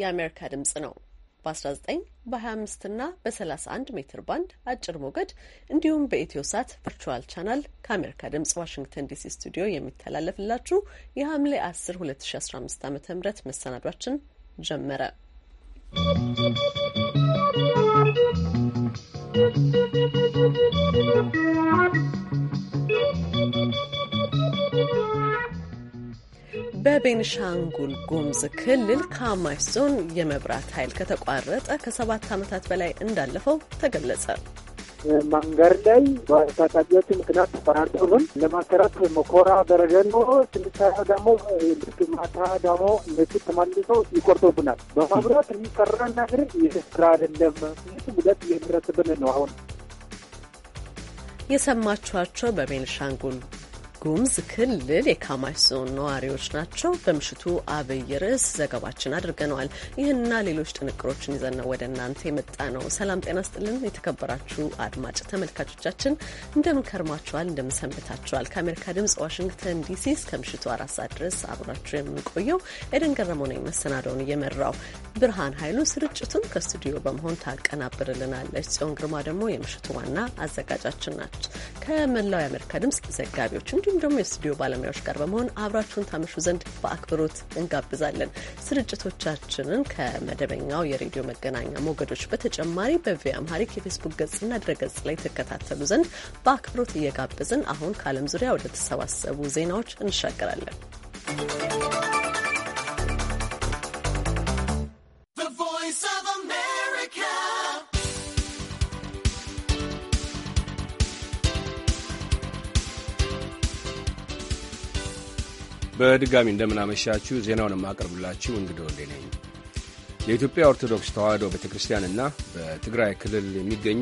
የአሜሪካ ድምጽ ነው። በ19 በ25 እና በ31 ሜትር ባንድ አጭር ሞገድ እንዲሁም በኢትዮ ሳት ቨርቹዋል ቻናል ከአሜሪካ ድምጽ ዋሽንግተን ዲሲ ስቱዲዮ የሚተላለፍላችሁ የሐምሌ 10 2015 ዓ ም መሰናዷችን ጀመረ። ¶¶ በቤንሻንጉል ጉምዝ ክልል ካማሽ ዞን የመብራት ኃይል ከተቋረጠ ከሰባት ዓመታት በላይ እንዳለፈው ተገለጸ። መንገድ ላይ በታጣቂዎች ምክንያት ተፈራጠሩን ለማሰራት መኮራ ደረገኖ ስንሰራ ደግሞ ልክ ማታ ደግሞ እነሱ ተመልሶ ይቆርጡብናል። በማብራት የሚሰራ ነገር የስራ አይደለም። ይህ ጉዳት እየደረሰብን ነው። አሁን የሰማችኋቸው በቤንሻንጉል ጉሙዝ ክልል የካማሽ ዞን ነዋሪዎች ናቸው። በምሽቱ አብይ ርዕስ ዘገባችን አድርገነዋል። ይህና ሌሎች ጥንቅሮችን ይዘን ነው ወደ እናንተ የመጣ ነው። ሰላም ጤና ስጥልን። የተከበራችሁ አድማጭ ተመልካቾቻችን እንደምን ከርማችኋል? እንደምን ሰንብታችኋል? ከአሜሪካ ድምጽ ዋሽንግተን ዲሲ እስከ ምሽቱ አራት ሰዓት ድረስ አብራችሁ የምንቆየው ኤደን ገረመው ነኝ። መሰናደውን እየመራው ብርሃን ኃይሉ ስርጭቱን ከስቱዲዮ በመሆን ታቀናብርልናለች። ጽዮን ግርማ ደግሞ የምሽቱ ዋና አዘጋጃችን ናቸው። ከመላው የአሜሪካ ድምጽ ዘጋቢዎች እንዲሁ እንዲሁም ደግሞ የስቱዲዮ ባለሙያዎች ጋር በመሆን አብራችሁን ታመሹ ዘንድ በአክብሮት እንጋብዛለን። ስርጭቶቻችንን ከመደበኛው የሬዲዮ መገናኛ ሞገዶች በተጨማሪ በቪኦኤ አምሃሪክ የፌስቡክ ገጽና ድረገጽ ላይ ተከታተሉ ዘንድ በአክብሮት እየጋበዝን አሁን ከዓለም ዙሪያ ወደ ተሰባሰቡ ዜናዎች እንሻገራለን። በድጋሚ እንደምናመሻችሁ ዜናውን የማቀርብላችሁ እንግዶ ወልዴ ነኝ። የኢትዮጵያ ኦርቶዶክስ ተዋሕዶ ቤተ ክርስቲያንና በትግራይ ክልል የሚገኙ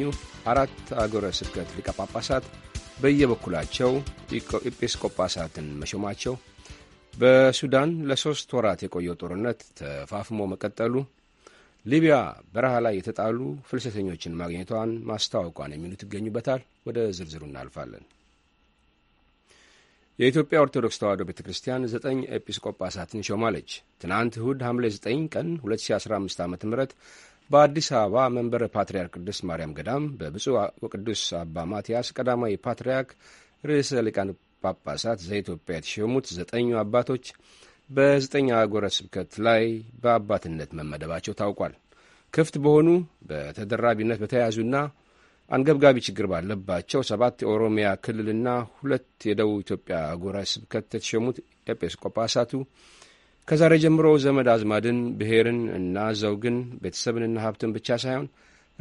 አራት አገረ ስብከት ሊቀ ጳጳሳት በየበኩላቸው ኤጲስቆጳሳትን መሾማቸው፣ በሱዳን ለሶስት ወራት የቆየው ጦርነት ተፋፍሞ መቀጠሉ፣ ሊቢያ በረሃ ላይ የተጣሉ ፍልሰተኞችን ማግኘቷን ማስታወቋን የሚሉት ይገኙበታል። ወደ ዝርዝሩ እናልፋለን። የኢትዮጵያ ኦርቶዶክስ ተዋሕዶ ቤተ ክርስቲያን ዘጠኝ ኤጲስቆጳሳትን ሾማለች። ትናንት እሁድ ሐምሌ 9 ቀን 2015 ዓ ም በአዲስ አበባ መንበረ ፓትርያርክ ቅድስት ማርያም ገዳም በብፁዕ ወቅዱስ አባ ማትያስ ቀዳማዊ ፓትርያርክ ርዕሰ ሊቃነ ጳጳሳት ዘኢትዮጵያ የተሾሙት ዘጠኙ አባቶች በዘጠኝ አህጉረ ስብከት ላይ በአባትነት መመደባቸው ታውቋል። ክፍት በሆኑ በተደራቢነት በተያያዙና አንገብጋቢ ችግር ባለባቸው ሰባት የኦሮሚያ ክልልና ሁለት የደቡብ ኢትዮጵያ አህጉረ ስብከት የተሸሙት ኤጲስቆጶሳቱ ከዛሬ ጀምሮ ዘመድ አዝማድን፣ ብሔርን እና ዘውግን፣ ቤተሰብንና ሀብትን ብቻ ሳይሆን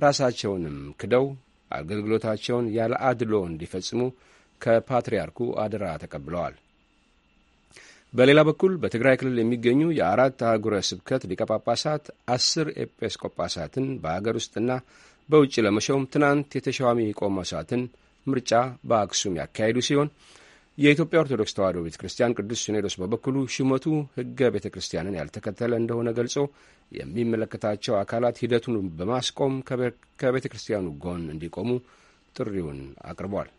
ራሳቸውንም ክደው አገልግሎታቸውን ያለ አድሎ እንዲፈጽሙ ከፓትርያርኩ አደራ ተቀብለዋል። በሌላ በኩል በትግራይ ክልል የሚገኙ የአራት አህጉረ ስብከት ሊቀ ጳጳሳት አስር ኤጲስቆጶሳትን በአገር ውስጥና በውጭ ለመሾም ትናንት ቆማ ሰዓትን ምርጫ በአክሱም ያካሄዱ ሲሆን የኢትዮጵያ ኦርቶዶክስ ተዋሕዶ ቤተ ክርስቲያን ቅዱስ ሲኖዶስ በበኩሉ ሹመቱ ሕገ ቤተ ክርስቲያንን ያልተከተለ እንደሆነ ገልጾ የሚመለከታቸው አካላት ሂደቱን በማስቆም ከቤተ ክርስቲያኑ ጎን እንዲቆሙ ጥሪውን አቅርቧል።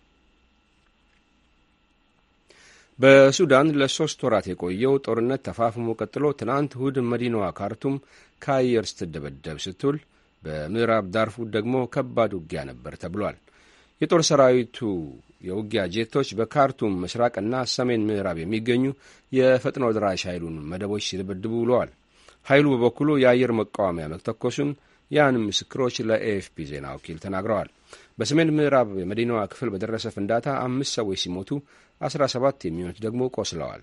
በሱዳን ለሶስት ወራት የቆየው ጦርነት ተፋፍሞ ቀጥሎ ትናንት እሁድ መዲናዋ ካርቱም ከአየር ስትደበደብ ስትውል በምዕራብ ዳርፉር ደግሞ ከባድ ውጊያ ነበር ተብሏል። የጦር ሰራዊቱ የውጊያ ጄቶች በካርቱም ምስራቅና ሰሜን ምዕራብ የሚገኙ የፈጥኖ ድራሽ ኃይሉን መደቦች ሲደበድቡ ውለዋል። ኃይሉ በበኩሉ የአየር መቃወሚያ መተኮሱን ያንም ምስክሮች ለኤኤፍፒ ዜና ወኪል ተናግረዋል። በሰሜን ምዕራብ የመዲናዋ ክፍል በደረሰ ፍንዳታ አምስት ሰዎች ሲሞቱ 17 የሚሆኑት ደግሞ ቆስለዋል።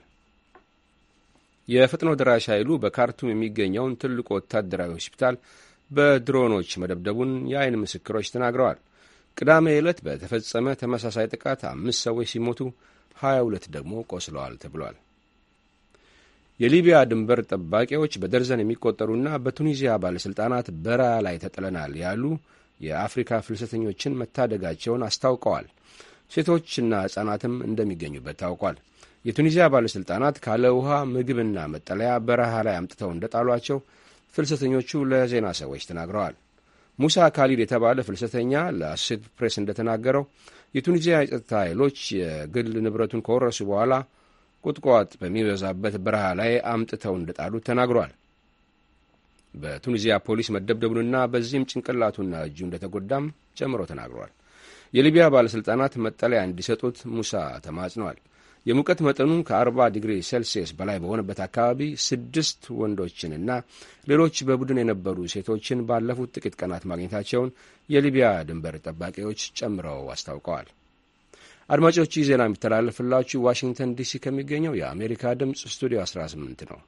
የፈጥኖ ድራሽ ኃይሉ በካርቱም የሚገኘውን ትልቁ ወታደራዊ ሆስፒታል በድሮኖች መደብደቡን የአይን ምስክሮች ተናግረዋል። ቅዳሜ ዕለት በተፈጸመ ተመሳሳይ ጥቃት አምስት ሰዎች ሲሞቱ 22 ደግሞ ቆስለዋል ተብሏል። የሊቢያ ድንበር ጠባቂዎች በደርዘን የሚቆጠሩና በቱኒዚያ ባለሥልጣናት በረሃ ላይ ተጥለናል ያሉ የአፍሪካ ፍልሰተኞችን መታደጋቸውን አስታውቀዋል። ሴቶችና ሕፃናትም እንደሚገኙበት ታውቋል። የቱኒዚያ ባለሥልጣናት ካለ ውሃ ምግብና መጠለያ በረሃ ላይ አምጥተው እንደጣሏቸው ፍልሰተኞቹ ለዜና ሰዎች ተናግረዋል። ሙሳ ካሊድ የተባለ ፍልሰተኛ ለአስድ ፕሬስ እንደተናገረው የቱኒዚያ የጸጥታ ኃይሎች የግል ንብረቱን ከወረሱ በኋላ ቁጥቋጥ በሚበዛበት በረሃ ላይ አምጥተው እንደጣሉት ተናግሯል። በቱኒዚያ ፖሊስ መደብደቡንና በዚህም ጭንቅላቱና እጁ እንደተጎዳም ጨምሮ ተናግሯል። የሊቢያ ባለሥልጣናት መጠለያ እንዲሰጡት ሙሳ ተማጽነዋል። የሙቀት መጠኑ ከ40 ዲግሪ ሴልሲየስ በላይ በሆነበት አካባቢ ስድስት ወንዶችንና ሌሎች በቡድን የነበሩ ሴቶችን ባለፉት ጥቂት ቀናት ማግኘታቸውን የሊቢያ ድንበር ጠባቂዎች ጨምረው አስታውቀዋል። አድማጮች፣ ዜና የሚተላለፍላችሁ ዋሽንግተን ዲሲ ከሚገኘው የአሜሪካ ድምፅ ስቱዲዮ 18 ነው።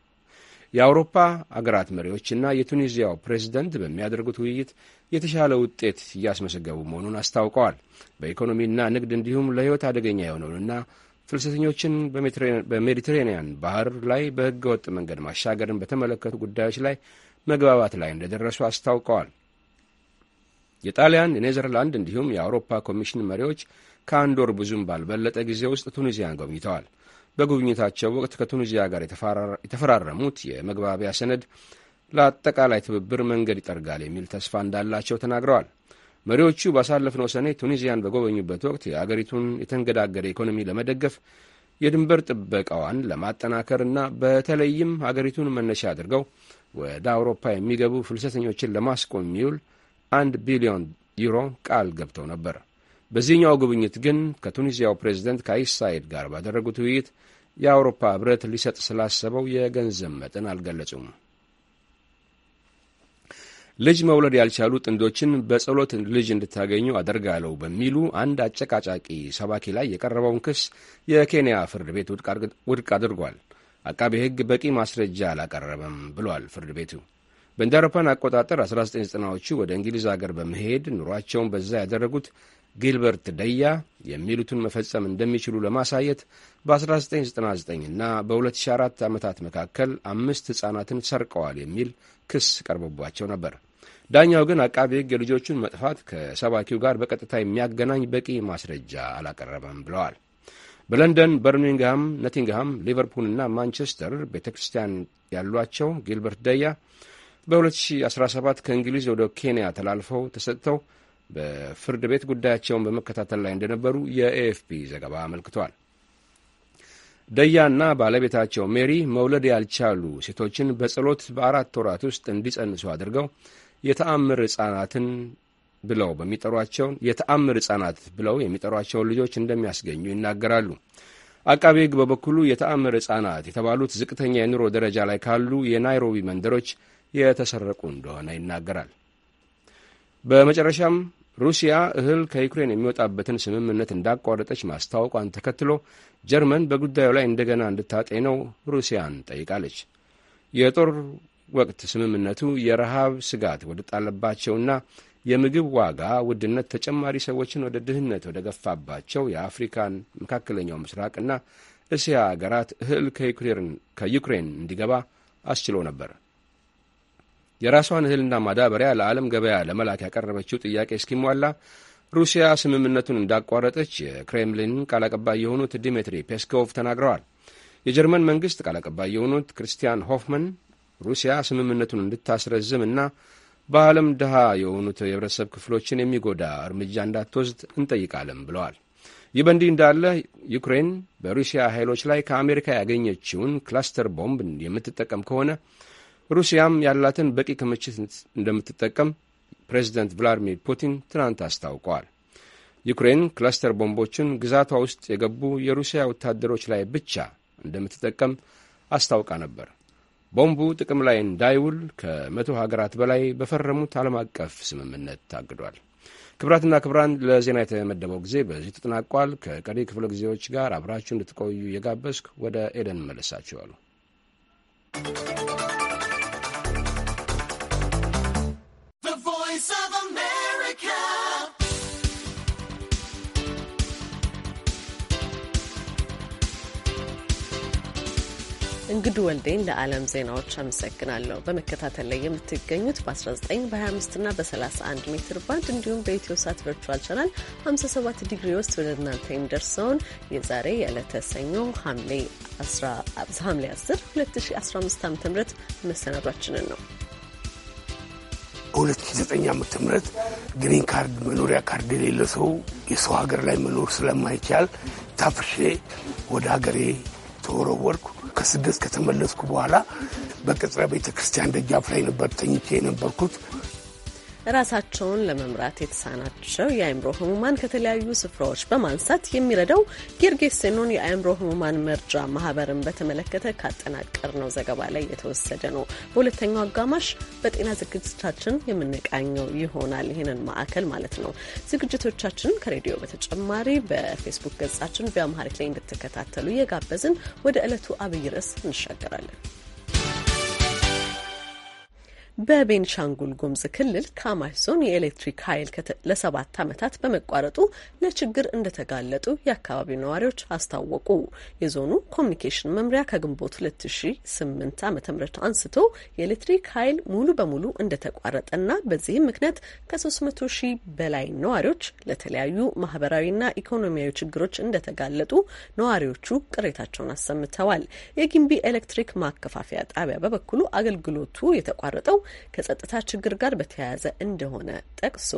የአውሮፓ አገራት መሪዎችና የቱኒዚያው ፕሬዚደንት በሚያደርጉት ውይይት የተሻለ ውጤት እያስመዘገቡ መሆኑን አስታውቀዋል። በኢኮኖሚና ንግድ እንዲሁም ለሕይወት አደገኛ የሆነውንና ፍልሰተኞችን በሜዲትሬንያን ባህር ላይ በሕገ ወጥ መንገድ ማሻገርን በተመለከቱ ጉዳዮች ላይ መግባባት ላይ እንደደረሱ አስታውቀዋል። የጣሊያን የኔዘርላንድ እንዲሁም የአውሮፓ ኮሚሽን መሪዎች ከአንድ ወር ብዙም ባልበለጠ ጊዜ ውስጥ ቱኒዚያን ጎብኝተዋል። በጉብኝታቸው ወቅት ከቱኒዚያ ጋር የተፈራረሙት የመግባቢያ ሰነድ ለአጠቃላይ ትብብር መንገድ ይጠርጋል የሚል ተስፋ እንዳላቸው ተናግረዋል። መሪዎቹ ባሳለፍነው ሰኔ ቱኒዚያን በጎበኙበት ወቅት የአገሪቱን የተንገዳገደ ኢኮኖሚ ለመደገፍ የድንበር ጥበቃዋን ለማጠናከርና በተለይም አገሪቱን መነሻ አድርገው ወደ አውሮፓ የሚገቡ ፍልሰተኞችን ለማስቆም የሚውል አንድ ቢሊዮን ዩሮ ቃል ገብተው ነበር። በዚህኛው ጉብኝት ግን ከቱኒዚያው ፕሬዚደንት ካይስ ሳይድ ጋር ባደረጉት ውይይት የአውሮፓ ህብረት ሊሰጥ ስላሰበው የገንዘብ መጠን አልገለጹም። ልጅ መውለድ ያልቻሉ ጥንዶችን በጸሎት ልጅ እንድታገኙ አደርጋለሁ በሚሉ አንድ አጨቃጫቂ ሰባኪ ላይ የቀረበውን ክስ የኬንያ ፍርድ ቤት ውድቅ አድርጓል። አቃቤ ሕግ በቂ ማስረጃ አላቀረበም ብሏል ፍርድ ቤቱ። በእንደ አቆጣጠር 1990ዎቹ ወደ እንግሊዝ አገር በመሄድ ኑሯቸውን በዛ ያደረጉት ጊልበርት ደያ የሚሉትን መፈጸም እንደሚችሉ ለማሳየት በ1999 እና በ2004 ዓመታት መካከል አምስት ሕፃናትን ሰርቀዋል የሚል ክስ ቀርቦባቸው ነበር። ዳኛው ግን አቃቢ ሕግ የልጆቹን መጥፋት ከሰባኪው ጋር በቀጥታ የሚያገናኝ በቂ ማስረጃ አላቀረበም ብለዋል። በለንደን፣ በርሚንግሃም፣ ሊቨርፑል ሊቨርፑልና ማንቸስተር ቤተ ክርስቲያን ያሏቸው ጊልበርት ደያ በ2017 ከእንግሊዝ ወደ ኬንያ ተላልፈው ተሰጥተው በፍርድ ቤት ጉዳያቸውን በመከታተል ላይ እንደነበሩ የኤኤፍፒ ዘገባ አመልክቷል። ደያና ባለቤታቸው ሜሪ መውለድ ያልቻሉ ሴቶችን በጸሎት በአራት ወራት ውስጥ እንዲጸንሱ አድርገው የተአምር ሕፃናትን ብለው በሚጠሯቸው የተአምር ሕፃናት ብለው የሚጠሯቸውን ልጆች እንደሚያስገኙ ይናገራሉ። አቃቤ ሕግ በበኩሉ የተአምር ሕፃናት የተባሉት ዝቅተኛ የኑሮ ደረጃ ላይ ካሉ የናይሮቢ መንደሮች የተሰረቁ እንደሆነ ይናገራል። በመጨረሻም ሩሲያ እህል ከዩክሬን የሚወጣበትን ስምምነት እንዳቋረጠች ማስታወቋን ተከትሎ ጀርመን በጉዳዩ ላይ እንደገና እንድታጤነው ሩሲያን ጠይቃለች። የጦር ወቅት ስምምነቱ የረሃብ ስጋት ወደ ጣለባቸውና የምግብ ዋጋ ውድነት ተጨማሪ ሰዎችን ወደ ድህነት ወደ ገፋባቸው የአፍሪካን መካከለኛው ምስራቅና እስያ አገራት እህል ከዩክሬን እንዲገባ አስችሎ ነበር። የራሷን እህልና ማዳበሪያ ለዓለም ገበያ ለመላክ ያቀረበችው ጥያቄ እስኪሟላ ሩሲያ ስምምነቱን እንዳቋረጠች የክሬምሊን ቃል አቀባይ የሆኑት ዲሚትሪ ፔስኮቭ ተናግረዋል። የጀርመን መንግሥት ቃል አቀባይ የሆኑት ክርስቲያን ሆፍመን ሩሲያ ስምምነቱን እንድታስረዝም እና በዓለም ድሃ የሆኑት የህብረተሰብ ክፍሎችን የሚጎዳ እርምጃ እንዳትወስድ እንጠይቃለን ብለዋል። ይህ በእንዲህ እንዳለ ዩክሬን በሩሲያ ኃይሎች ላይ ከአሜሪካ ያገኘችውን ክላስተር ቦምብ የምትጠቀም ከሆነ ሩሲያም ያላትን በቂ ክምችት እንደምትጠቀም ፕሬዚደንት ቭላዲሚር ፑቲን ትናንት አስታውቀዋል። ዩክሬን ክላስተር ቦምቦችን ግዛቷ ውስጥ የገቡ የሩሲያ ወታደሮች ላይ ብቻ እንደምትጠቀም አስታውቃ ነበር። ቦምቡ ጥቅም ላይ እንዳይውል ከመቶ ሀገራት በላይ በፈረሙት ዓለም አቀፍ ስምምነት ታግዷል። ክብራትና ክብራን ለዜና የተመደበው ጊዜ በዚህ ተጠናቋል። ከቀሪ ክፍለ ጊዜዎች ጋር አብራችሁ እንድትቆዩ እየጋበዝኩ ወደ ኤደን መለሳችኋሉ። እንግዱ ወልዴን ለዓለም ዜናዎች አመሰግናለሁ። በመከታተል ላይ የምትገኙት በ19 25 እና በ31 ሜትር ባንድ እንዲሁም በኢትዮ ሳት ቨርቹዋል ቻናል 57 ዲግሪ ውስጥ ወደ እናንተ የሚደርሰውን የዛሬ የዕለተ ሰኞ ሐምሌ 10 2015 ዓ ም መሰናዷችንን ነው። 2009 ዓ ም ግሪን ካርድ መኖሪያ ካርድ የሌለ ሰው የሰው ሀገር ላይ መኖር ስለማይቻል ታፍሼ ወደ ሀገሬ ተወረወርኩ። ከስደት ከተመለስኩ በኋላ በቅጽረ ቤተ ክርስቲያን ደጃፍ ላይ ነበር ተኝቼ የነበርኩት። ራሳቸውን ለመምራት የተሳናቸው የአእምሮ ህሙማን ከተለያዩ ስፍራዎች በማንሳት የሚረዳው ጌርጌሴኖን የአእምሮ ህሙማን መርጃ ማህበርን በተመለከተ ካጠናቀር ነው ዘገባ ላይ የተወሰደ ነው። በሁለተኛው አጋማሽ በጤና ዝግጅቶቻችን የምንቃኘው ይሆናል። ይህንን ማዕከል ማለት ነው። ዝግጅቶቻችን ከሬዲዮ በተጨማሪ በፌስቡክ ገጻችን ቪኦኤ ላይ እንድትከታተሉ እየጋበዝን ወደ ዕለቱ አብይ ርዕስ እንሻገራለን። በቤንሻንጉል ጉምዝ ክልል ካማሽ ዞን የኤሌክትሪክ ኃይል ለሰባት ዓመታት በመቋረጡ ለችግር እንደተጋለጡ የአካባቢው ነዋሪዎች አስታወቁ። የዞኑ ኮሚኒኬሽን መምሪያ ከግንቦት 2008 ዓ ም አንስቶ የኤሌክትሪክ ኃይል ሙሉ በሙሉ እንደተቋረጠና በዚህም ምክንያት ከ300 ሺህ በላይ ነዋሪዎች ለተለያዩ ማህበራዊና ኢኮኖሚያዊ ችግሮች እንደተጋለጡ ነዋሪዎቹ ቅሬታቸውን አሰምተዋል። የጊምቢ ኤሌክትሪክ ማከፋፈያ ጣቢያ በበኩሉ አገልግሎቱ የተቋረጠው ከጸጥታ ችግር ጋር በተያያዘ እንደሆነ ጠቅሶ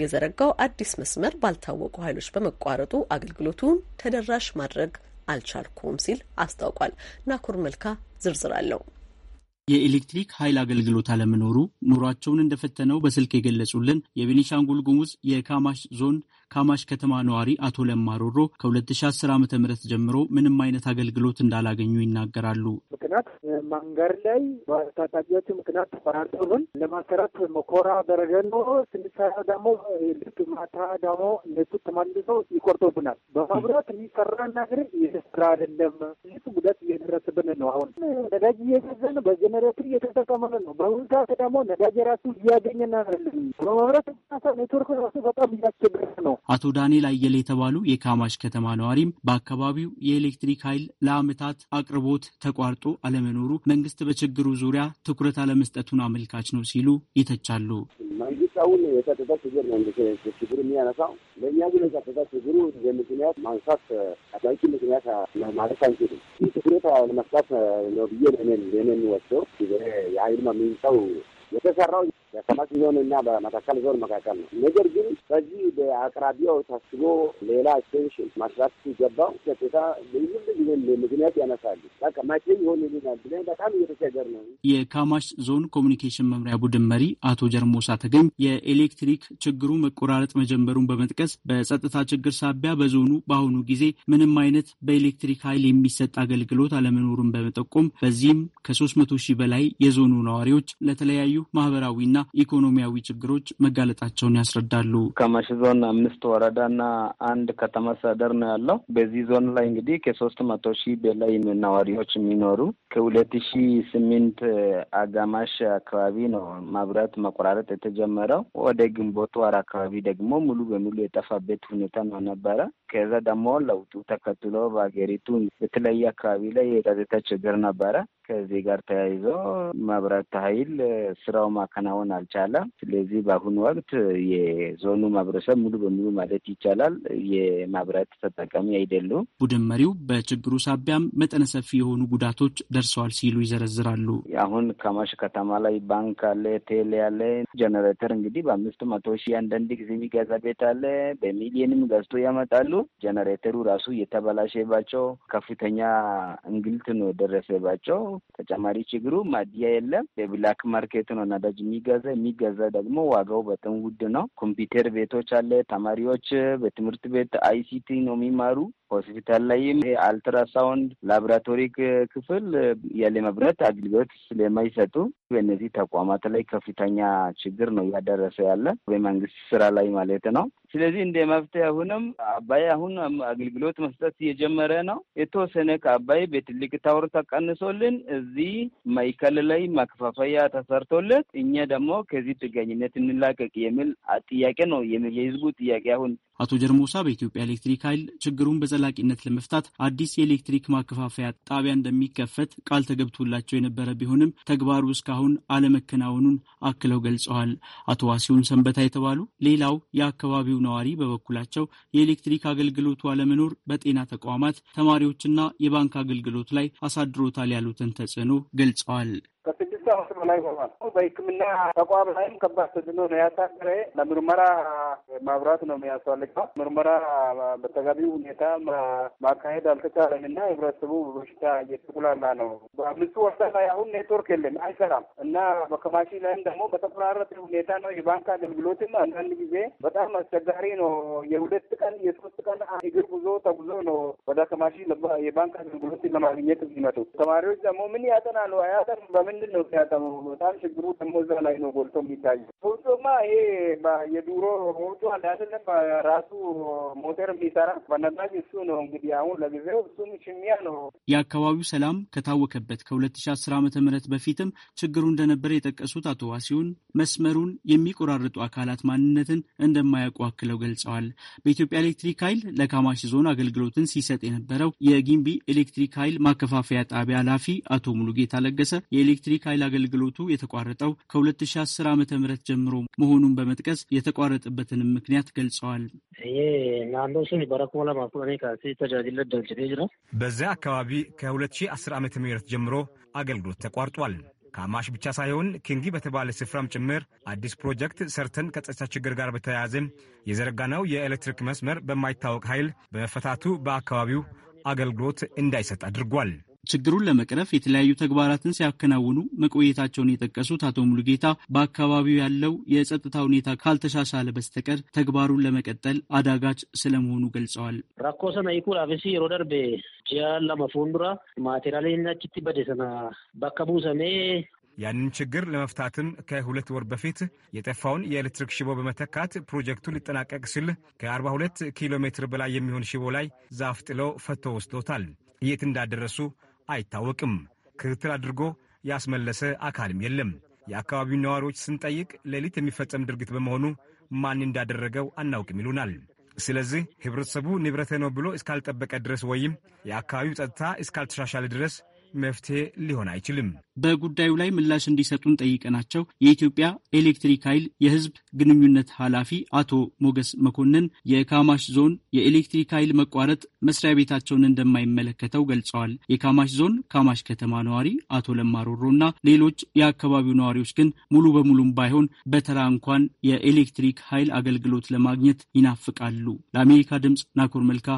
የዘረጋው አዲስ መስመር ባልታወቁ ኃይሎች በመቋረጡ አገልግሎቱን ተደራሽ ማድረግ አልቻልኩም ሲል አስታውቋል። ናኩር መልካ ዝርዝር አለው። የኤሌክትሪክ ኃይል አገልግሎት አለመኖሩ ኑሯቸውን እንደፈተነው በስልክ የገለጹልን የቤኒሻንጉል ጉሙዝ የካማሽ ዞን ካማሽ ከተማ ነዋሪ አቶ ለማሮሮ ከ2010 ዓ ም ጀምሮ ምንም አይነት አገልግሎት እንዳላገኙ ይናገራሉ። ምክንያት መንገድ ላይ በታጣቂዎች ምክንያት ተፈራርጠውን ለማሰራት መኮራ ደረገ ነው ስንሰራ ደግሞ ልክ ማታ ደግሞ እነሱ ተመልሰው ይቆርጡብናል። በመብራት የሚሰራ ነገር የተሰራ አይደለም። ይህ ጉዳት እየደረስብን ነው። አሁን ነዳጅ እየገዛን በጀኔሬተር እየተጠቀመን ነው። በአሁኑ ሰዓት ደግሞ ነዳጅ ራሱ እያገኘን አይደለም። በመብራት ኔትወርክ ራሱ በጣም እያስቸገረ ነው። ነው። አቶ ዳንኤል አየል የተባሉ የካማሽ ከተማ ነዋሪም በአካባቢው የኤሌክትሪክ ኃይል ለአመታት አቅርቦት ተቋርጦ አለመኖሩ መንግስት በችግሩ ዙሪያ ትኩረት አለመስጠቱን አመልካች ነው ሲሉ ይተቻሉ። መንግስት አሁን የጸጥታ ችግር ነው ችግር የሚያነሳው ለእኛ ግን የጸጥታ ችግሩ የምክንያት ማንሳት አዳቂ ምክንያት ማለት አንችልም። ይህ ትኩረት ለመስጣት ነው ብዬ ኔ የሚወስደው የሀይል ማሚንሰው የተሰራው በሰባት ዞን እና በመካከል ዞን መካከል ነው። ነገር ግን በዚህ በአቅራቢያው ታስቦ ሌላ ኤክስቴንሽን ማስራት ሲገባው ቀጥታ ልዩ ልዩ ምክንያት ያነሳሉ። በቃ መቼ ይሆንልናል ብለን በጣም እየተቸገር ነው። የካማሽ ዞን ኮሚኒኬሽን መምሪያ ቡድን መሪ አቶ ጀርሞሳ ተገኝ የኤሌክትሪክ ችግሩ መቆራረጥ መጀመሩን በመጥቀስ በጸጥታ ችግር ሳቢያ በዞኑ በአሁኑ ጊዜ ምንም አይነት በኤሌክትሪክ ኃይል የሚሰጥ አገልግሎት አለመኖሩን በመጠቆም በዚህም ከሶስት መቶ ሺህ በላይ የዞኑ ነዋሪዎች ለተለያዩ ማህበራዊና ኢኮኖሚያዊ ችግሮች መጋለጣቸውን ያስረዳሉ። ከማሽ ዞን አምስት ወረዳና አንድ ከተማ አስተዳደር ነው ያለው። በዚህ ዞን ላይ እንግዲህ ከሶስት መቶ ሺህ በላይ ነዋሪዎች የሚኖሩ ከሁለት ሺ ስምንት አጋማሽ አካባቢ ነው መብራት መቆራረጥ የተጀመረው። ወደ ግንቦት ወር አካባቢ ደግሞ ሙሉ በሙሉ የጠፋበት ሁኔታ ነው ነበረ። ከዛ ደግሞ ለውጡ ተከትሎ በሀገሪቱ የተለያየ አካባቢ ላይ የጸጥታ ችግር ነበረ። ከዚህ ጋር ተያይዞ መብራት ኃይል ስራው ማከናወን አልቻለም። ስለዚህ በአሁኑ ወቅት የዞኑ ማህበረሰብ ሙሉ በሙሉ ማለት ይቻላል የመብራት ተጠቃሚ አይደሉም። ቡድን መሪው በችግሩ ሳቢያም መጠነ ሰፊ የሆኑ ጉዳቶች ደርሰዋል ሲሉ ይዘረዝራሉ። አሁን ከማሽ ከተማ ላይ ባንክ አለ፣ ቴሌ አለ፣ ጀነሬተር እንግዲህ በአምስት መቶ ሺህ አንዳንድ ጊዜ የሚገዛ ቤት አለ። በሚሊየንም ገዝቶ ያመጣሉ። ጀነሬተሩ ራሱ እየተበላሸባቸው ከፍተኛ እንግልት ነው ደረሰባቸው። ተጨማሪ ችግሩ ማዲያ የለም። የብላክ ማርኬት ነው ነዳጅ የሚገዛ የሚገዛ ደግሞ ዋጋው በጣም ውድ ነው። ኮምፒውተር ቤቶች አለ። ተማሪዎች በትምህርት ቤት አይሲቲ ነው የሚማሩ ሆስፒታል ላይም አልትራሳውንድ ላቦራቶሪ ክፍል ያለመብረት አገልግሎት ስለማይሰጡ በእነዚህ ተቋማት ላይ ከፍተኛ ችግር ነው እያደረሰ ያለ በመንግስት ስራ ላይ ማለት ነው። ስለዚህ እንደ መፍትሄ አሁንም አባይ አሁን አገልግሎት መስጠት እየጀመረ ነው። የተወሰነ ከአባይ በትልቅ ታወር ተቀንሶልን እዚህ ማዕከል ላይ ማከፋፈያ ተሰርቶለት እኛ ደግሞ ከዚህ ጥገኝነት እንላቀቅ የሚል ጥያቄ ነው የህዝቡ ጥያቄ። አሁን አቶ ጀርሞሳ በኢትዮጵያ ኤሌክትሪክ ኃይል ችግሩን በዘላ በዘላቂነት ለመፍታት አዲስ የኤሌክትሪክ ማከፋፈያ ጣቢያ እንደሚከፈት ቃል ተገብቶላቸው የነበረ ቢሆንም ተግባሩ እስካሁን አለመከናወኑን አክለው ገልጸዋል። አቶ ዋሲሁን ሰንበታ የተባሉ ሌላው የአካባቢው ነዋሪ በበኩላቸው የኤሌክትሪክ አገልግሎቱ አለመኖር በጤና ተቋማት፣ ተማሪዎችና የባንክ አገልግሎት ላይ አሳድሮታል ያሉትን ተጽዕኖ ገልጸዋል። ከስድስት ዓመት በላይ ሆኗል። በሕክምና ተቋም ላይም ከባድ ተጽዕኖ ነው ያሳደረ። ለምርመራ ማብራት ነው የሚያስፈልገው። ምርመራ በተገቢው ሁኔታ ማካሄድ አልተቻለም እና ህብረተሰቡ በበሽታ እየተጉላላ ነው። በአምስቱ ወረዳ ላይ አሁን ኔትወርክ የለም፣ አይሰራም እና በከማሺ ላይም ደግሞ በተቆራረጠ ሁኔታ ነው። የባንክ አገልግሎትም አንዳንድ ጊዜ በጣም አስቸጋሪ ነው። የሁለት ቀን የሶስት ቀን እግር ጉዞ ተጉዞ ነው ወደ ከማሺ የባንክ አገልግሎት ለማግኘት የሚመጡ ተማሪዎች ደግሞ ምን ያጠናሉ አያጠኑ በምን ምንድን ነው ሲያጠመው? በጣም ችግሩ ደግሞ እዛ ላይ ነው ጎልቶ የሚታየው። ውጩማ ይሄ የዱሮ ውጩ አለ አይደለም፣ ራሱ ሞተር የሚሰራ በነዳጅ እሱ ነው እንግዲህ አሁን ለጊዜው እሱም ሽሚያ ነው። የአካባቢው ሰላም ከታወከበት ከ2010 ዓ ምህረት በፊትም ችግሩ እንደነበረ የጠቀሱት አቶ ዋሲሁን መስመሩን የሚቆራርጡ አካላት ማንነትን እንደማያውቁ አክለው ገልጸዋል። በኢትዮጵያ ኤሌክትሪክ ኃይል ለካማሽ ዞን አገልግሎትን ሲሰጥ የነበረው የጊምቢ ኤሌክትሪክ ኃይል ማከፋፈያ ጣቢያ ኃላፊ አቶ ሙሉጌታ ለገሰ የኤሌክትሪክ የኤሌክትሪክ ኃይል አገልግሎቱ የተቋረጠው ከ2010 ዓ ም ጀምሮ መሆኑን በመጥቀስ የተቋረጠበትንም ምክንያት ገልጸዋል። በዚያ አካባቢ ከ2010 ዓ ም ጀምሮ አገልግሎት ተቋርጧል። ከአማሽ ብቻ ሳይሆን ኪንጊ በተባለ ስፍራም ጭምር አዲስ ፕሮጀክት ሰርተን ከጸጥታ ችግር ጋር በተያያዘ የዘረጋነው የኤሌክትሪክ መስመር በማይታወቅ ኃይል በመፈታቱ በአካባቢው አገልግሎት እንዳይሰጥ አድርጓል። ችግሩን ለመቅረፍ የተለያዩ ተግባራትን ሲያከናውኑ መቆየታቸውን የጠቀሱት አቶ ሙሉጌታ በአካባቢው ያለው የጸጥታ ሁኔታ ካልተሻሻለ በስተቀር ተግባሩን ለመቀጠል አዳጋች ስለመሆኑ ገልጸዋል። ያንን ችግር ለመፍታትም ከሁለት ወር በፊት የጠፋውን የኤሌክትሪክ ሽቦ በመተካት ፕሮጀክቱ ሊጠናቀቅ ሲል ከ42 ኪሎ ሜትር በላይ የሚሆን ሽቦ ላይ ዛፍ ጥለው ፈቶ ወስዶታል። የት እንዳደረሱ አይታወቅም። ክትትል አድርጎ ያስመለሰ አካልም የለም። የአካባቢው ነዋሪዎች ስንጠይቅ ሌሊት የሚፈጸም ድርጊት በመሆኑ ማን እንዳደረገው አናውቅም ይሉናል። ስለዚህ ህብረተሰቡ ንብረቴ ነው ብሎ እስካልጠበቀ ድረስ ወይም የአካባቢው ጸጥታ እስካልተሻሻለ ድረስ መፍትሄ ሊሆን አይችልም። በጉዳዩ ላይ ምላሽ እንዲሰጡን ጠይቀናቸው የኢትዮጵያ ኤሌክትሪክ ኃይል የህዝብ ግንኙነት ኃላፊ አቶ ሞገስ መኮንን የካማሽ ዞን የኤሌክትሪክ ኃይል መቋረጥ መስሪያ ቤታቸውን እንደማይመለከተው ገልጸዋል። የካማሽ ዞን ካማሽ ከተማ ነዋሪ አቶ ለማሮሮ እና ሌሎች የአካባቢው ነዋሪዎች ግን ሙሉ በሙሉም ባይሆን በተራ እንኳን የኤሌክትሪክ ኃይል አገልግሎት ለማግኘት ይናፍቃሉ። ለአሜሪካ ድምፅ ናኮር መልካ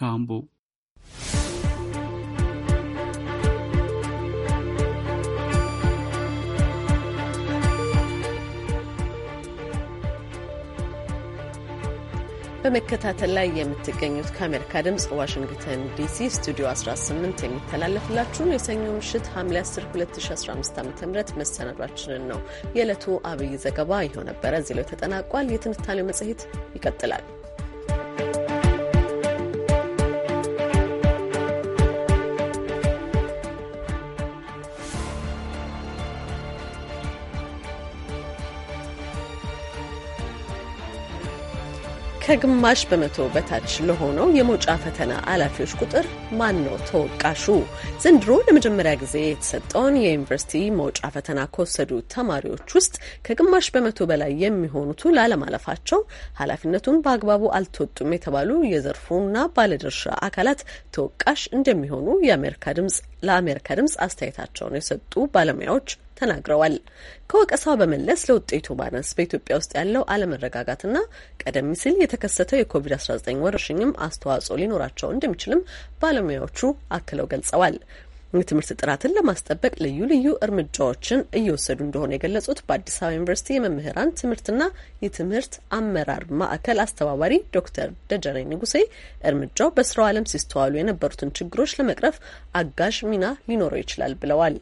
ካምቦ በመከታተል ላይ የምትገኙት ከአሜሪካ ድምፅ ዋሽንግተን ዲሲ ስቱዲዮ 18 የሚተላለፍላችሁን የሰኞ ምሽት ሐምሌ 10 2015 ዓ ም መሰናዷችንን ነው። የዕለቱ አብይ ዘገባ ይኸው ነበረ። እዚህ ላይ ተጠናቋል። የትንታኔው መጽሔት ይቀጥላል። ከግማሽ በመቶ በታች ለሆነው የመውጫ ፈተና ኃላፊዎች ቁጥር ማን ነው ተወቃሹ? ዘንድሮ ለመጀመሪያ ጊዜ የተሰጠውን የዩኒቨርሲቲ መውጫ ፈተና ከወሰዱ ተማሪዎች ውስጥ ከግማሽ በመቶ በላይ የሚሆኑቱ ላለማለፋቸው ኃላፊነቱን በአግባቡ አልተወጡም የተባሉ የዘርፉና ባለድርሻ አካላት ተወቃሽ እንደሚሆኑ የአሜሪካ ድምጽ ለአሜሪካ ድምጽ አስተያየታቸውን የሰጡ ባለሙያዎች ተናግረዋል። ከወቀሳ በመለስ ለውጤቱ ማነስ በኢትዮጵያ ውስጥ ያለው አለመረጋጋትና ቀደም ሲል የተከሰተው የኮቪድ-19 ወረርሽኝም አስተዋጽኦ ሊኖራቸው እንደሚችልም ባለሙያዎቹ አክለው ገልጸዋል። የትምህርት ጥራትን ለማስጠበቅ ልዩ ልዩ እርምጃዎችን እየወሰዱ እንደሆነ የገለጹት በአዲስ አበባ ዩኒቨርሲቲ የመምህራን ትምህርትና የትምህርት አመራር ማዕከል አስተባባሪ ዶክተር ደጀኔ ንጉሴ እርምጃው በስራው ዓለም ሲስተዋሉ የነበሩትን ችግሮች ለመቅረፍ አጋዥ ሚና ሊኖረው ይችላል ብለዋል።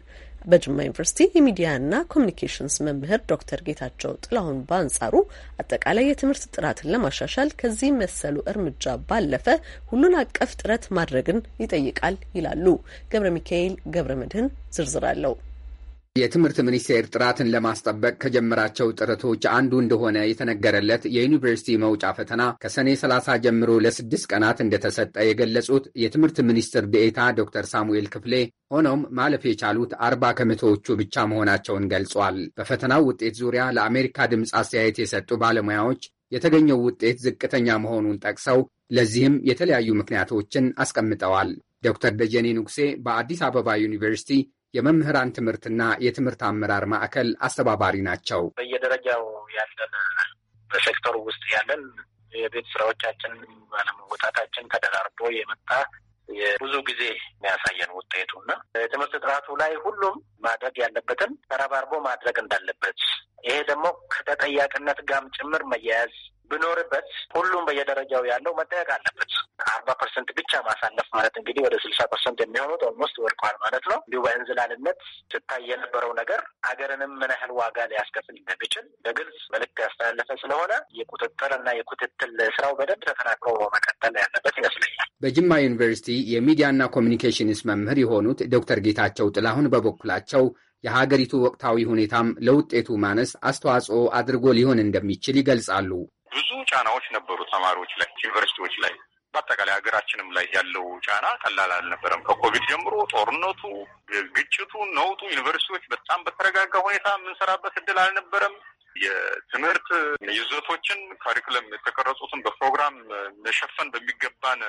በጅማ ዩኒቨርሲቲ የሚዲያና ኮሚኒኬሽንስ መምህር ዶክተር ጌታቸው ጥላሁን በአንጻሩ አጠቃላይ የትምህርት ጥራትን ለማሻሻል ከዚህ መሰሉ እርምጃ ባለፈ ሁሉን አቀፍ ጥረት ማድረግን ይጠይቃል ይላሉ። ገብረ ሚካኤል ገብረ መድህን ዝርዝር አለው። የትምህርት ሚኒስቴር ጥራትን ለማስጠበቅ ከጀመራቸው ጥረቶች አንዱ እንደሆነ የተነገረለት የዩኒቨርሲቲ መውጫ ፈተና ከሰኔ 30 ጀምሮ ለስድስት ቀናት እንደተሰጠ የገለጹት የትምህርት ሚኒስትር ዴኤታ ዶክተር ሳሙኤል ክፍሌ ሆኖም ማለፍ የቻሉት አርባ ከመቶዎቹ ብቻ መሆናቸውን ገልጿል። በፈተናው ውጤት ዙሪያ ለአሜሪካ ድምፅ አስተያየት የሰጡ ባለሙያዎች የተገኘው ውጤት ዝቅተኛ መሆኑን ጠቅሰው ለዚህም የተለያዩ ምክንያቶችን አስቀምጠዋል። ዶክተር ደጀኔ ንጉሴ በአዲስ አበባ ዩኒቨርሲቲ የመምህራን ትምህርትና የትምህርት አመራር ማዕከል አስተባባሪ ናቸው። በየደረጃው ያለን በሴክተሩ ውስጥ ያለን የቤት ስራዎቻችን ባለመወጣታችን ተደራርቦ የመጣ ብዙ ጊዜ የሚያሳየን ውጤቱ እና የትምህርት ጥራቱ ላይ ሁሉም ማድረግ ያለበትን ተረባርቦ ማድረግ እንዳለበት ይሄ ደግሞ ከተጠያቂነት ጋርም ጭምር መያያዝ ብኖርበት ሁሉም በየደረጃው ያለው መጠየቅ አለበት። አርባ ፐርሰንት ብቻ ማሳለፍ ማለት እንግዲህ ወደ ስልሳ ፐርሰንት የሚሆኑት ኦልሞስት ወድቋል ማለት ነው። እንዲሁ በእንዝላልነት ስታይ የነበረው ነገር ሀገርንም ምን ያህል ዋጋ ሊያስከፍል እንደሚችል በግልጽ መልዕክት ያስተላለፈ ስለሆነ የቁጥጥር እና የክትትል ስራው በደንብ ተጠናክሮ መቀጠል ያለበት ይመስለኛል። በጅማ ዩኒቨርሲቲ የሚዲያና ኮሚኒኬሽንስ መምህር የሆኑት ዶክተር ጌታቸው ጥላሁን በበኩላቸው የሀገሪቱ ወቅታዊ ሁኔታም ለውጤቱ ማነስ አስተዋጽኦ አድርጎ ሊሆን እንደሚችል ይገልጻሉ። ብዙ ጫናዎች ነበሩ ተማሪዎች ላይ፣ ዩኒቨርሲቲዎች ላይ፣ በአጠቃላይ ሀገራችንም ላይ ያለው ጫና ቀላል አልነበረም። ከኮቪድ ጀምሮ ጦርነቱ፣ ግጭቱ፣ ነውጡ ዩኒቨርሲቲዎች በጣም በተረጋጋ ሁኔታ የምንሰራበት እድል አልነበረም። የትምህርት ይዘቶችን ካሪኩለም የተቀረጹትን በፕሮግራም መሸፈን በሚገባን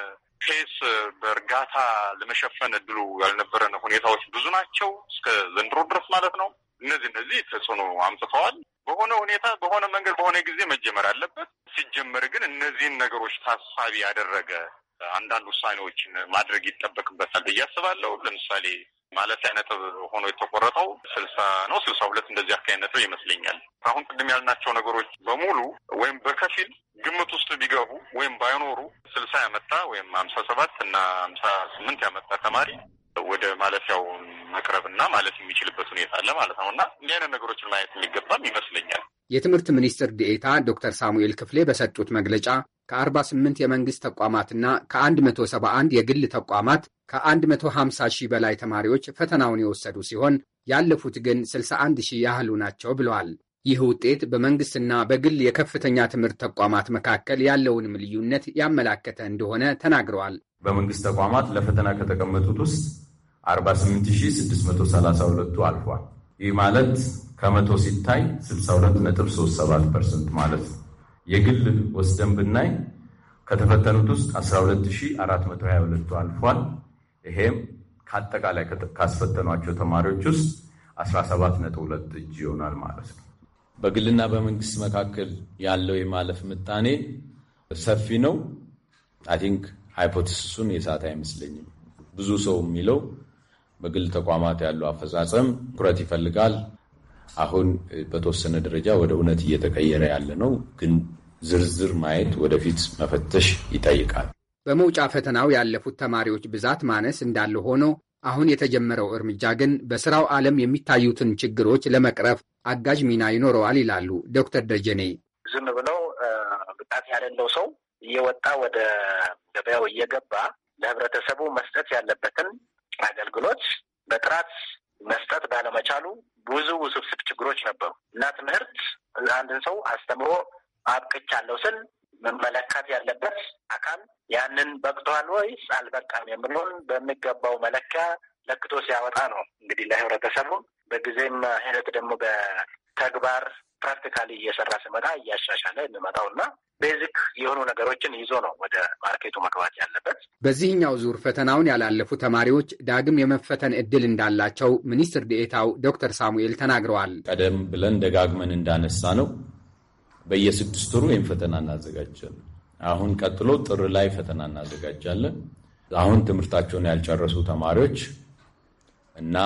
ፌስ በእርጋታ ለመሸፈን እድሉ ያልነበረን ሁኔታዎች ብዙ ናቸው። እስከ ዘንድሮ ድረስ ማለት ነው። እነዚህ እነዚህ ተጽዕኖ አምጽተዋል። በሆነ ሁኔታ በሆነ መንገድ በሆነ ጊዜ መጀመር አለበት። ሲጀመር ግን እነዚህን ነገሮች ታሳቢ ያደረገ አንዳንድ ውሳኔዎችን ማድረግ ይጠበቅበታል ብዬ አስባለሁ። ለምሳሌ ማለት ነጥብ ሆኖ የተቆረጠው ስልሳ ነው ስልሳ ሁለት እንደዚህ አካባቢ ነጥብ ይመስለኛል። አሁን ቅድም ያልናቸው ነገሮች በሙሉ ወይም በከፊል ግምት ውስጥ ቢገቡ ወይም ባይኖሩ ስልሳ ያመጣ ወይም ሀምሳ ሰባት እና ሀምሳ ስምንት ያመጣ ተማሪ ወደ ማለፊያውን መቅረብና ማለት የሚችልበት ሁኔታ አለ ማለት ነው እና እንዲህ አይነት ነገሮችን ማየት የሚገባም ይመስለኛል። የትምህርት ሚኒስትር ዴኤታ ዶክተር ሳሙኤል ክፍሌ በሰጡት መግለጫ ከ48 የመንግስት ተቋማትና ከ171 የግል ተቋማት ከ150 ሺህ በላይ ተማሪዎች ፈተናውን የወሰዱ ሲሆን ያለፉት ግን 61 ሺህ ያህሉ ናቸው ብለዋል። ይህ ውጤት በመንግሥትና በግል የከፍተኛ ትምህርት ተቋማት መካከል ያለውንም ልዩነት ያመላከተ እንደሆነ ተናግረዋል። በመንግሥት ተቋማት ለፈተና ከተቀመጡት ውስጥ 48632 አልፏል። ይህ ማለት ከመቶ ሲታይ 62.37 ፐርሰንት ማለት ነው። የግል ወስደን ብናይ ከተፈተኑት ውስጥ 12422 አልፏል። ይሄም ከአጠቃላይ ካስፈተኗቸው ተማሪዎች ውስጥ 17.2 እጅ ይሆናል ማለት ነው። በግልና በመንግስት መካከል ያለው የማለፍ ምጣኔ ሰፊ ነው። አይ ቲንክ ሃይፖቴሲሱን የሳት አይመስለኝም። ብዙ ሰው የሚለው በግል ተቋማት ያለው አፈጻጸም ትኩረት ይፈልጋል። አሁን በተወሰነ ደረጃ ወደ እውነት እየተቀየረ ያለ ነው፣ ግን ዝርዝር ማየት ወደፊት መፈተሽ ይጠይቃል። በመውጫ ፈተናው ያለፉት ተማሪዎች ብዛት ማነስ እንዳለ ሆኖ አሁን የተጀመረው እርምጃ ግን በስራው ዓለም የሚታዩትን ችግሮች ለመቅረፍ አጋዥ ሚና ይኖረዋል ይላሉ ዶክተር ደጀኔ። ዝም ብለው ብቃት ያለለው ሰው እየወጣ ወደ ገበያው እየገባ ለህብረተሰቡ መስጠት ያለበትን አገልግሎት በጥራት መስጠት ባለመቻሉ ብዙ ውስብስብ ችግሮች ነበሩ እና ትምህርት አንድን ሰው አስተምሮ አብቅቻለሁ ስል መመለከት ያለበት አካል ያንን በቅተዋል ወይስ አልበቃም የሚለውን በሚገባው መለኪያ ለክቶ ሲያወጣ ነው እንግዲህ ለህብረተሰቡ በጊዜም ሂደት ደግሞ በተግባር ፕራክቲካሊ እየሰራ ስመጣ እያሻሻለ እንመጣው እና ቤዚክ የሆኑ ነገሮችን ይዞ ነው ወደ ማርኬቱ መግባት ያለበት። በዚህኛው ዙር ፈተናውን ያላለፉ ተማሪዎች ዳግም የመፈተን እድል እንዳላቸው ሚኒስትር ዴኤታው ዶክተር ሳሙኤል ተናግረዋል። ቀደም ብለን ደጋግመን እንዳነሳ ነው በየስድስት ወሩ ወይም ፈተና እናዘጋጃለን። አሁን ቀጥሎ ጥር ላይ ፈተና እናዘጋጃለን። አሁን ትምህርታቸውን ያልጨረሱ ተማሪዎች እና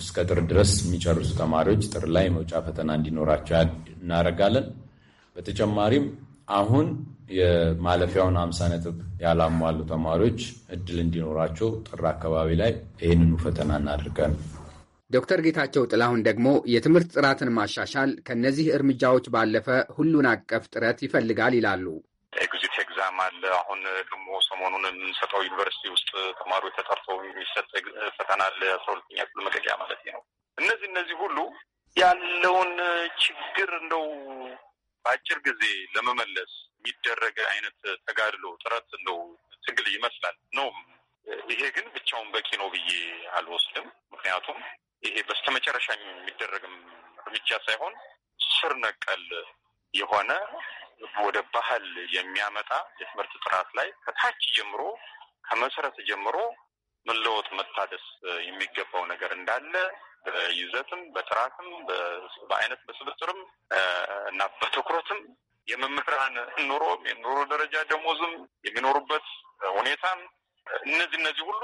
እስከ ጥር ድረስ የሚጨርሱ ተማሪዎች ጥር ላይ መውጫ ፈተና እንዲኖራቸው እናደርጋለን። በተጨማሪም አሁን የማለፊያውን አምሳ ነጥብ ያላሟሉ ተማሪዎች እድል እንዲኖራቸው ጥር አካባቢ ላይ ይህንኑ ፈተና እናደርጋለን። ዶክተር ጌታቸው ጥላሁን ደግሞ የትምህርት ጥራትን ማሻሻል ከእነዚህ እርምጃዎች ባለፈ ሁሉን አቀፍ ጥረት ይፈልጋል ይላሉ። ኤግዚት ኤግዛም አለ። አሁን ደግሞ ሰሞኑን የምንሰጠው ዩኒቨርሲቲ ውስጥ ተማሪ ተጠርቶ የሚሰጥ ፈተና አለ። አስራ ሁለተኛ ክፍል መልቀቂያ ማለት ነው። እነዚህ እነዚህ ሁሉ ያለውን ችግር እንደው በአጭር ጊዜ ለመመለስ የሚደረግ አይነት ተጋድሎ ጥረት እንደው ትግል ይመስላል ነው። ይሄ ግን ብቻውን በቂ ነው ብዬ አልወስድም። ምክንያቱም ይሄ በስተመጨረሻ የሚደረግም እርምጃ ሳይሆን ስር ነቀል የሆነ ወደ ባህል የሚያመጣ የትምህርት ጥራት ላይ ከታች ጀምሮ ከመሰረት ጀምሮ መለወጥ መታደስ የሚገባው ነገር እንዳለ በይዘትም በጥራትም በአይነት በስብጥርም እና በትኩረትም የመምህራን ኑሮ የኑሮ ደረጃ ደሞዝም የሚኖሩበት ሁኔታም እነዚህ እነዚህ ሁሉ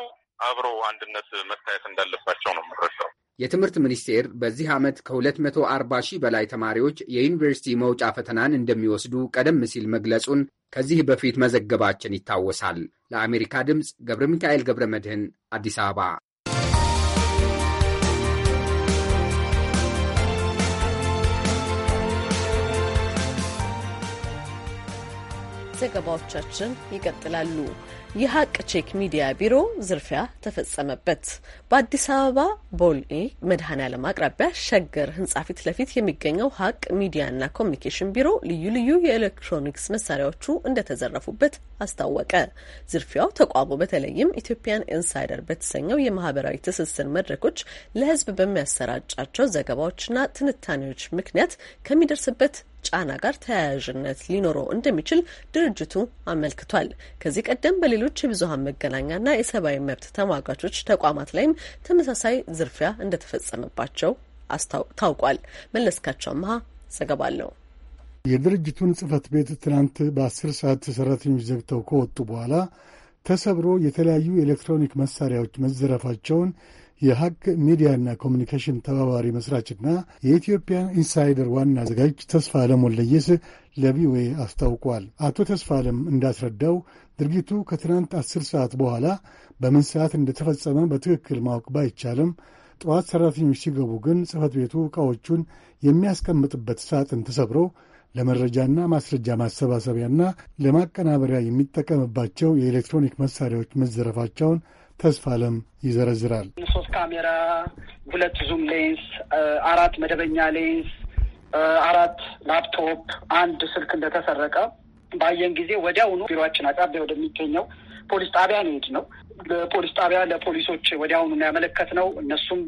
አብረው አንድነት መታየት እንዳለባቸው ነው የምረዳው። የትምህርት ሚኒስቴር በዚህ ዓመት ከ240 ሺህ በላይ ተማሪዎች የዩኒቨርሲቲ መውጫ ፈተናን እንደሚወስዱ ቀደም ሲል መግለጹን ከዚህ በፊት መዘገባችን ይታወሳል። ለአሜሪካ ድምፅ ገብረ ሚካኤል ገብረ መድህን አዲስ አበባ ዘገባዎቻችን ይቀጥላሉ። የሀቅ ቼክ ሚዲያ ቢሮ ዝርፊያ ተፈጸመበት። በአዲስ አበባ ቦሌ መድኃኔዓለም አቅራቢያ ሸገር ህንጻ ፊት ለፊት የሚገኘው ሀቅ ሚዲያና ኮሚኒኬሽን ቢሮ ልዩ ልዩ የኤሌክትሮኒክስ መሳሪያዎቹ እንደተዘረፉበት አስታወቀ። ዝርፊያው ተቋሙ በተለይም ኢትዮጵያን ኢንሳይደር በተሰኘው የማህበራዊ ትስስር መድረኮች ለህዝብ በሚያሰራጫቸው ዘገባዎችና ትንታኔዎች ምክንያት ከሚደርስበት ጫና ጋር ተያያዥነት ሊኖረው እንደሚችል ድርጅቱ አመልክቷል። ከዚህ ቀደም በሌሎች የብዙሀን መገናኛና የሰብአዊ መብት ተሟጋቾች ተቋማት ላይም ተመሳሳይ ዝርፊያ እንደተፈጸመባቸው ታውቋል። መለስካቸው አመሃ ዘገባ አለው። የድርጅቱን ጽህፈት ቤት ትናንት በአስር ሰዓት ሰራተኞች ዘግተው ከወጡ በኋላ ተሰብሮ የተለያዩ የኤሌክትሮኒክ መሳሪያዎች መዘረፋቸውን የሀቅ ሚዲያና ኮሚኒኬሽን ተባባሪ መስራችና የኢትዮጵያ ኢንሳይደር ዋና አዘጋጅ ተስፋ አለም ወለየስ ለቪኦኤ አስታውቋል። አቶ ተስፋ አለም እንዳስረዳው ድርጊቱ ከትናንት አስር ሰዓት በኋላ በምን ሰዓት እንደተፈጸመ በትክክል ማወቅ ባይቻልም ጠዋት ሠራተኞች ሲገቡ ግን ጽሕፈት ቤቱ ዕቃዎቹን የሚያስቀምጥበት ሳጥን ተሰብሮ ለመረጃና ማስረጃ ማሰባሰቢያና ለማቀናበሪያ የሚጠቀምባቸው የኤሌክትሮኒክ መሣሪያዎች መዘረፋቸውን ተስፋ አለም ይዘረዝራል። ሶስት ካሜራ፣ ሁለት ዙም ሌንስ፣ አራት መደበኛ ሌንስ፣ አራት ላፕቶፕ፣ አንድ ስልክ እንደተሰረቀ ባየን ጊዜ ወዲያውኑ ቢሮችን አቅራቢያ ወደሚገኘው ፖሊስ ጣቢያ ነው የሄድነው። ፖሊስ ጣቢያ ለፖሊሶች ወዲያውኑ ያመለከት ነው። እነሱም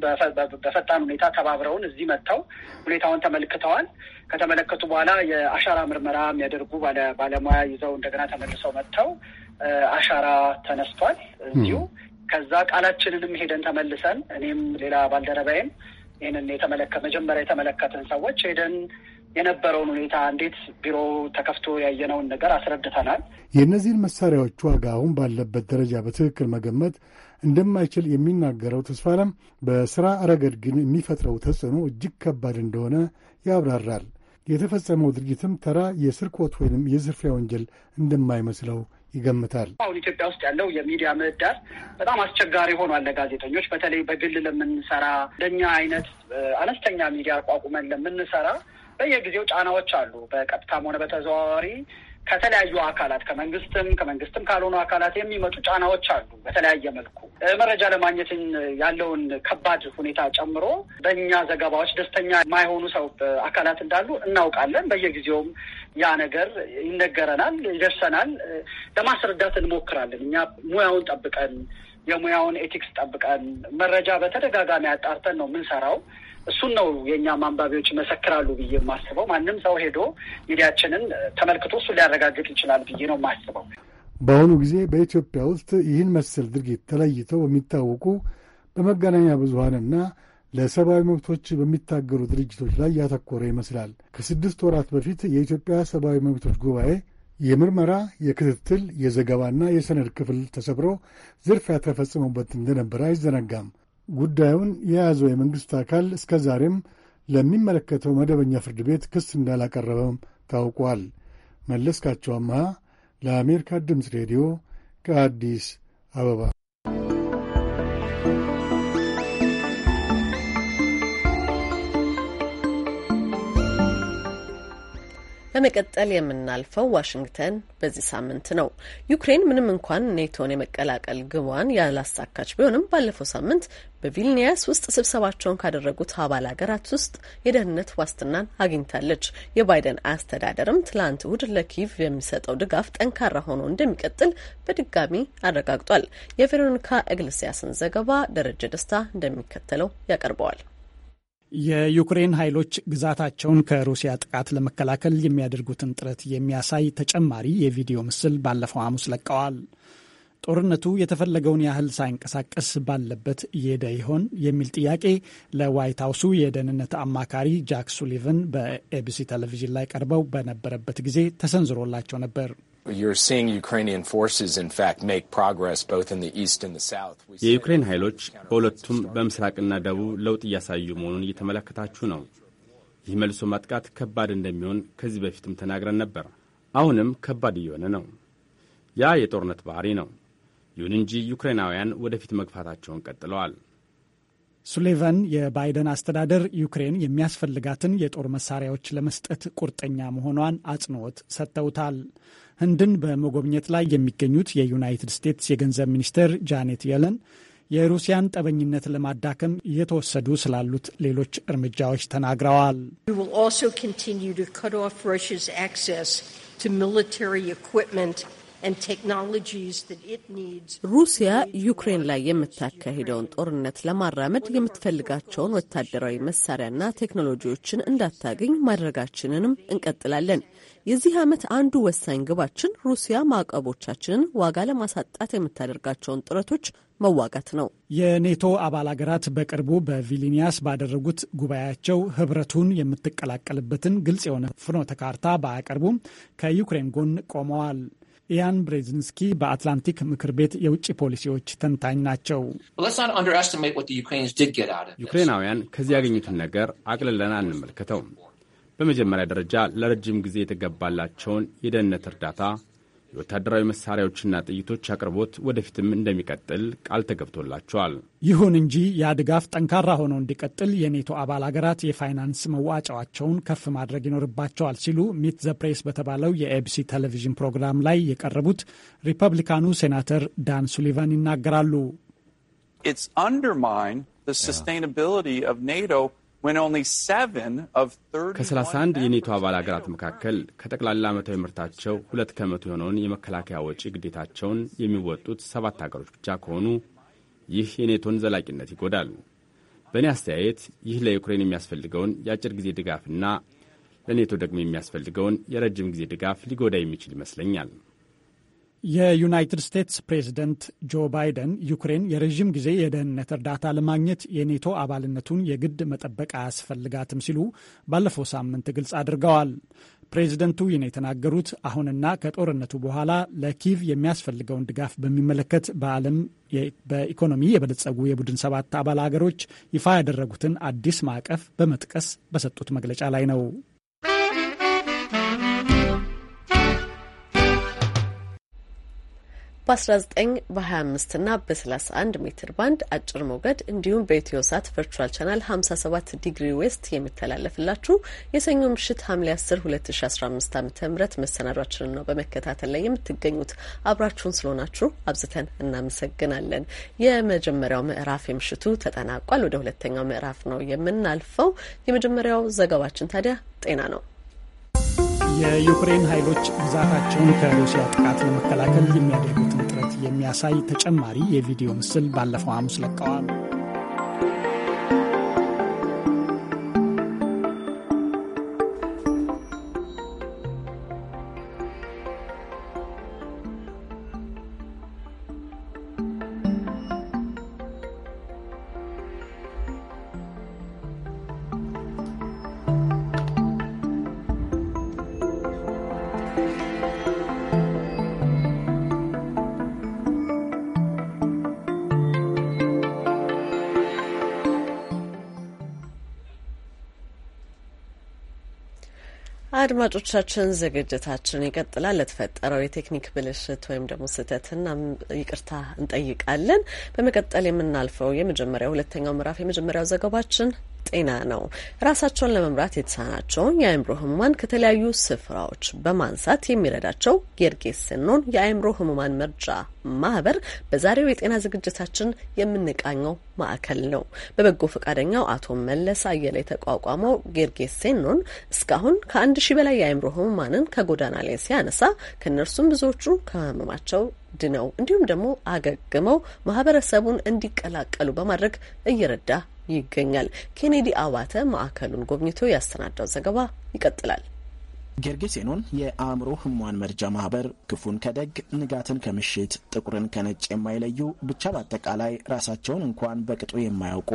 በፈጣን ሁኔታ ተባብረውን እዚህ መጥተው ሁኔታውን ተመልክተዋል። ከተመለከቱ በኋላ የአሻራ ምርመራ የሚያደርጉ ባለሙያ ይዘው እንደገና ተመልሰው መጥተው አሻራ ተነስቷል። እዚሁ ከዛ ቃላችንንም ሄደን ተመልሰን እኔም ሌላ ባልደረባይም ይህንን የተመለከ መጀመሪያ የተመለከትን ሰዎች ሄደን የነበረውን ሁኔታ እንዴት ቢሮ ተከፍቶ ያየነውን ነገር አስረድተናል። የእነዚህን መሳሪያዎች ዋጋ አሁን ባለበት ደረጃ በትክክል መገመት እንደማይችል የሚናገረው ተስፋ በስራ ረገድ ግን የሚፈጥረው ተጽዕኖ እጅግ ከባድ እንደሆነ ያብራራል። የተፈጸመው ድርጊትም ተራ የስርቆት ወይንም የዝርፊያ ወንጀል እንደማይመስለው ይገምታል። አሁን ኢትዮጵያ ውስጥ ያለው የሚዲያ ምህዳር በጣም አስቸጋሪ ሆኗል ለጋዜጠኞች በተለይ በግል ለምንሰራ ለእኛ አይነት አነስተኛ ሚዲያ አቋቁመን ለምንሰራ በየጊዜው ጫናዎች አሉ። በቀጥታም ሆነ በተዘዋዋሪ ከተለያዩ አካላት ከመንግስትም ከመንግስትም ካልሆኑ አካላት የሚመጡ ጫናዎች አሉ። በተለያየ መልኩ መረጃ ለማግኘትን ያለውን ከባድ ሁኔታ ጨምሮ በእኛ ዘገባዎች ደስተኛ የማይሆኑ ሰው አካላት እንዳሉ እናውቃለን። በየጊዜውም ያ ነገር ይነገረናል፣ ይደርሰናል። ለማስረዳት እንሞክራለን። እኛ ሙያውን ጠብቀን የሙያውን ኤቲክስ ጠብቀን መረጃ በተደጋጋሚ አጣርተን ነው የምንሰራው። እሱን ነው የእኛ አንባቢዎች ይመሰክራሉ ብዬ የማስበው። ማንም ሰው ሄዶ ሚዲያችንን ተመልክቶ እሱን ሊያረጋግጥ ይችላል ብዬ ነው የማስበው። በአሁኑ ጊዜ በኢትዮጵያ ውስጥ ይህን መሰል ድርጊት ተለይተው በሚታወቁ በመገናኛ ብዙሀንና ለሰብአዊ መብቶች በሚታገሉ ድርጅቶች ላይ ያተኮረ ይመስላል። ከስድስት ወራት በፊት የኢትዮጵያ ሰብአዊ መብቶች ጉባኤ የምርመራ የክትትል፣ የዘገባና የሰነድ ክፍል ተሰብሮ ዝርፊያ ተፈጽሞበት እንደነበረ አይዘነጋም። ጉዳዩን የያዘው የመንግሥት አካል እስከ ዛሬም ለሚመለከተው መደበኛ ፍርድ ቤት ክስ እንዳላቀረበም ታውቋል። መለስካቸው አምሃ ለአሜሪካ ድምፅ ሬዲዮ ከአዲስ አበባ በመቀጠል የምናልፈው ዋሽንግተን በዚህ ሳምንት ነው። ዩክሬን ምንም እንኳን ኔቶን የመቀላቀል ግቧን ያላሳካች ቢሆንም ባለፈው ሳምንት በቪልኒያስ ውስጥ ስብሰባቸውን ካደረጉት አባል ሀገራት ውስጥ የደህንነት ዋስትናን አግኝታለች። የባይደን አስተዳደርም ትላንት እሁድ ለኪቭ የሚሰጠው ድጋፍ ጠንካራ ሆኖ እንደሚቀጥል በድጋሚ አረጋግጧል። የቬሮኒካ እግልሲያስን ዘገባ ደረጀ ደስታ እንደሚከተለው ያቀርበዋል። የዩክሬን ኃይሎች ግዛታቸውን ከሩሲያ ጥቃት ለመከላከል የሚያደርጉትን ጥረት የሚያሳይ ተጨማሪ የቪዲዮ ምስል ባለፈው ሐሙስ ለቀዋል። ጦርነቱ የተፈለገውን ያህል ሳይንቀሳቀስ ባለበት የደ ይሆን የሚል ጥያቄ ለዋይት ሀውሱ የደህንነት አማካሪ ጃክ ሱሊቨን በኤቢሲ ቴሌቪዥን ላይ ቀርበው በነበረበት ጊዜ ተሰንዝሮላቸው ነበር። የዩክሬን ኃይሎች በሁለቱም በምስራቅና ደቡብ ለውጥ እያሳዩ መሆኑን እየተመለከታችሁ ነው። ይህ መልሶ ማጥቃት ከባድ እንደሚሆን ከዚህ በፊትም ተናግረን ነበር። አሁንም ከባድ እየሆነ ነው። ያ የጦርነት ባህሪ ነው። ይሁን እንጂ ዩክሬናውያን ወደፊት መግፋታቸውን ቀጥለዋል። ሱሌቨን የባይደን አስተዳደር ዩክሬን የሚያስፈልጋትን የጦር መሳሪያዎች ለመስጠት ቁርጠኛ መሆኗን አጽንኦት ሰጥተውታል። ህንድን በመጎብኘት ላይ የሚገኙት የዩናይትድ ስቴትስ የገንዘብ ሚኒስትር ጃኔት የለን የሩሲያን ጠበኝነት ለማዳከም እየተወሰዱ ስላሉት ሌሎች እርምጃዎች ተናግረዋል። ሩሲያ ሩሲያ ዩክሬን ላይ የምታካሂደውን ጦርነት ለማራመድ የምትፈልጋቸውን ወታደራዊ መሳሪያና ቴክኖሎጂዎችን እንዳታገኝ ማድረጋችንንም እንቀጥላለን። የዚህ ዓመት አንዱ ወሳኝ ግባችን ሩሲያ ማዕቀቦቻችንን ዋጋ ለማሳጣት የምታደርጋቸውን ጥረቶች መዋጋት ነው። የኔቶ አባል አገራት በቅርቡ በቪሊኒያስ ባደረጉት ጉባኤያቸው ህብረቱን የምትቀላቀልበትን ግልጽ የሆነ ፍኖተ ካርታ ባያቀርቡም ከዩክሬን ጎን ቆመዋል። ኢያን ብሬዝንስኪ በአትላንቲክ ምክር ቤት የውጭ ፖሊሲዎች ተንታኝ ናቸው። ዩክሬናውያን ከዚህ ያገኙትን ነገር አቅልለን አንመልከተውም። በመጀመሪያ ደረጃ ለረጅም ጊዜ የተገባላቸውን የደህንነት እርዳታ የወታደራዊ መሳሪያዎችና ጥይቶች አቅርቦት ወደፊትም እንደሚቀጥል ቃል ተገብቶላቸዋል። ይሁን እንጂ ያ ድጋፍ ጠንካራ ሆኖ እንዲቀጥል የኔቶ አባል አገራት የፋይናንስ መዋጫዋቸውን ከፍ ማድረግ ይኖርባቸዋል ሲሉ ሚት ዘ ፕሬስ በተባለው የኤቢሲ ቴሌቪዥን ፕሮግራም ላይ የቀረቡት ሪፐብሊካኑ ሴናተር ዳን ሱሊቫን ይናገራሉ። ከ31 የኔቶ አባል ሀገራት መካከል ከጠቅላላ ዓመታዊ ምርታቸው ሁለት ከመቶ የሆነውን የመከላከያ ወጪ ግዴታቸውን የሚወጡት ሰባት ሀገሮች ብቻ ከሆኑ ይህ የኔቶን ዘላቂነት ይጎዳል። በእኔ አስተያየት ይህ ለዩክሬን የሚያስፈልገውን የአጭር ጊዜ ድጋፍና ለኔቶ ደግሞ የሚያስፈልገውን የረጅም ጊዜ ድጋፍ ሊጎዳ የሚችል ይመስለኛል። የዩናይትድ ስቴትስ ፕሬዝደንት ጆ ባይደን ዩክሬን የረዥም ጊዜ የደህንነት እርዳታ ለማግኘት የኔቶ አባልነቱን የግድ መጠበቅ አያስፈልጋትም ሲሉ ባለፈው ሳምንት ግልጽ አድርገዋል። ፕሬዝደንቱ ይህን የተናገሩት አሁንና ከጦርነቱ በኋላ ለኪቭ የሚያስፈልገውን ድጋፍ በሚመለከት በዓለም በኢኮኖሚ የበለጸጉ የቡድን ሰባት አባል ሀገሮች ይፋ ያደረጉትን አዲስ ማዕቀፍ በመጥቀስ በሰጡት መግለጫ ላይ ነው። በ19 በ25 እና በ31 ሜትር ባንድ አጭር ሞገድ እንዲሁም በኢትዮ ሳት ቨርቹዋል ቻናል 57 ዲግሪ ዌስት የሚተላለፍላችሁ የሰኞ ምሽት ሐምሌ 10 2015 ዓ ም መሰናዷችንን ነው በመከታተል ላይ የምትገኙት። አብራችሁን ስለሆናችሁ አብዝተን እናመሰግናለን። የመጀመሪያው ምዕራፍ የምሽቱ ተጠናቋል። ወደ ሁለተኛው ምዕራፍ ነው የምናልፈው። የመጀመሪያው ዘገባችን ታዲያ ጤና ነው። የዩክሬን ኃይሎች ግዛታቸውን ከሩሲያ ጥቃት ለመከላከል የሚያደርጉትን ጥረት የሚያሳይ ተጨማሪ የቪዲዮ ምስል ባለፈው ሐሙስ ለቀዋል። አድማጮቻችን ዝግጅታችን ይቀጥላል። ለተፈጠረው የቴክኒክ ብልሽት ወይም ደግሞ ስህተትና ይቅርታ እንጠይቃለን። በመቀጠል የምናልፈው የመጀመሪያው ሁለተኛው ምዕራፍ የመጀመሪያው ዘገባችን ጤና ነው። ራሳቸውን ለመምራት የተሳናቸውን የአእምሮ ህሙማን ከተለያዩ ስፍራዎች በማንሳት የሚረዳቸው ጌርጌስ የርጌስኖን የአእምሮ ህሙማን መርጃ ማህበር በዛሬው የጤና ዝግጅታችን የምንቃኘው ማዕከል ነው። በበጎ ፈቃደኛው አቶ መለስ አየለ የተቋቋመው ጌርጌስ ሴኖን እስካሁን ከአንድ ሺህ በላይ የአእምሮ ህሙማንን ከጎዳና ላይ ሲያነሳ ከእነርሱም ብዙዎቹ ከህመማቸው ድነው እንዲሁም ደግሞ አገግመው ማህበረሰቡን እንዲቀላቀሉ በማድረግ እየረዳ ይገኛል። ኬኔዲ አባተ ማዕከሉን ጎብኝቶ ያሰናዳው ዘገባ ይቀጥላል። ጌርጌሴኖን የአእምሮ ህሙማን መርጃ ማህበር ክፉን ከደግ ንጋትን ከምሽት ጥቁርን ከነጭ የማይለዩ ብቻ በአጠቃላይ ራሳቸውን እንኳን በቅጡ የማያውቁ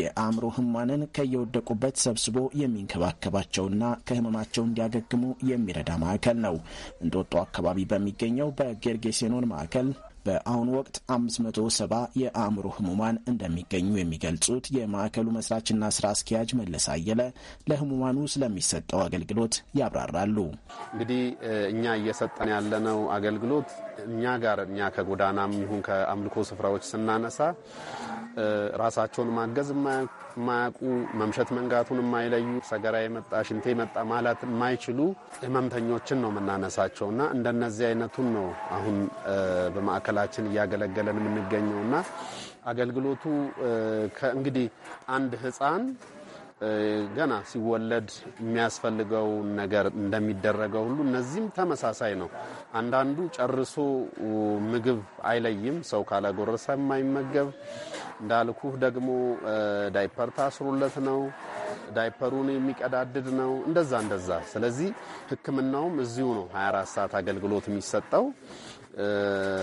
የአእምሮ ህሙማንን ከየወደቁበት ሰብስቦ የሚንከባከባቸውና ከህመማቸው እንዲያገግሙ የሚረዳ ማዕከል ነው። እንጦጦ አካባቢ በሚገኘው በጌርጌሴኖን ማዕከል በአሁኑ ወቅት 570 የአእምሮ ህሙማን እንደሚገኙ የሚገልጹት የማዕከሉ መስራችና ስራ አስኪያጅ መለስ አየለ ለህሙማኑ ስለሚሰጠው አገልግሎት ያብራራሉ። እንግዲህ እኛ እየሰጠን ያለነው አገልግሎት እኛ ጋር እኛ ከጎዳናም ይሁን ከአምልኮ ስፍራዎች ስናነሳ ራሳቸውን ማገዝ የማያውቁ መምሸት መንጋቱን የማይለዩ ሰገራ የመጣ ሽንቴ የመጣ ማለት የማይችሉ ህመምተኞችን ነው የምናነሳቸው እና እንደነዚህ አይነቱን ነው አሁን በማዕከላችን እያገለገለን የምንገኘው እና አገልግሎቱ እንግዲህ አንድ ህፃን ገና ሲወለድ የሚያስፈልገው ነገር እንደሚደረገው ሁሉ እነዚህም ተመሳሳይ ነው። አንዳንዱ ጨርሶ ምግብ አይለይም። ሰው ካለጎረሰ የማይመገብ እንዳልኩህ ደግሞ ዳይፐር ታስሮለት ነው። ዳይፐሩን የሚቀዳድድ ነው። እንደዛ እንደዛ። ስለዚህ ሕክምናውም እዚሁ ነው 24 ሰዓት አገልግሎት የሚሰጠው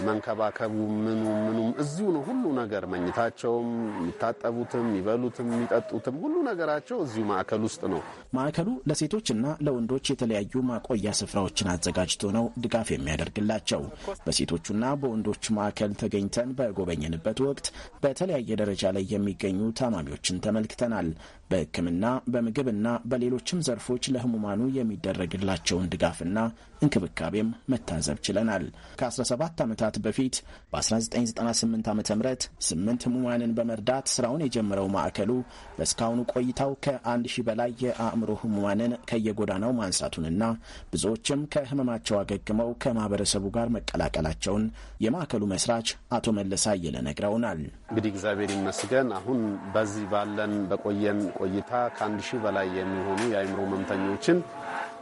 መንከባከቡ ምኑ ምኑም እዚሁ ነው። ሁሉ ነገር መኝታቸውም፣ የሚታጠቡትም፣ የሚበሉትም፣ የሚጠጡትም ሁሉ ነገራቸው እዚሁ ማዕከል ውስጥ ነው። ማዕከሉ ለሴቶችና ለወንዶች የተለያዩ ማቆያ ስፍራዎችን አዘጋጅቶ ነው ድጋፍ የሚያደርግላቸው። በሴቶቹና በወንዶች ማዕከል ተገኝተን በጎበኘንበት ወቅት በተለያየ ደረጃ ላይ የሚገኙ ታማሚዎችን ተመልክተናል። በሕክምና በምግብና በሌሎችም ዘርፎች ለህሙማኑ የሚደረግላቸውን ድጋፍና እንክብካቤም መታዘብ ችለናል። ከ17 ዓመታት በፊት በ1998 ዓ ም ስምንት ህሙማንን በመርዳት ስራውን የጀመረው ማዕከሉ በእስካሁኑ ቆይታው ከ1000 በላይ የአእምሮ የአእምሮ ህሙማንን ከየጎዳናው ማንሳቱንና ብዙዎችም ከህመማቸው አገግመው ከማህበረሰቡ ጋር መቀላቀላቸውን የማዕከሉ መስራች አቶ መለስ አየለ ነግረውናል። እንግዲህ እግዚአብሔር ይመስገን አሁን በዚህ ባለን በቆየን ቆይታ ከአንድ ሺህ በላይ የሚሆኑ የአእምሮ ህመምተኞችን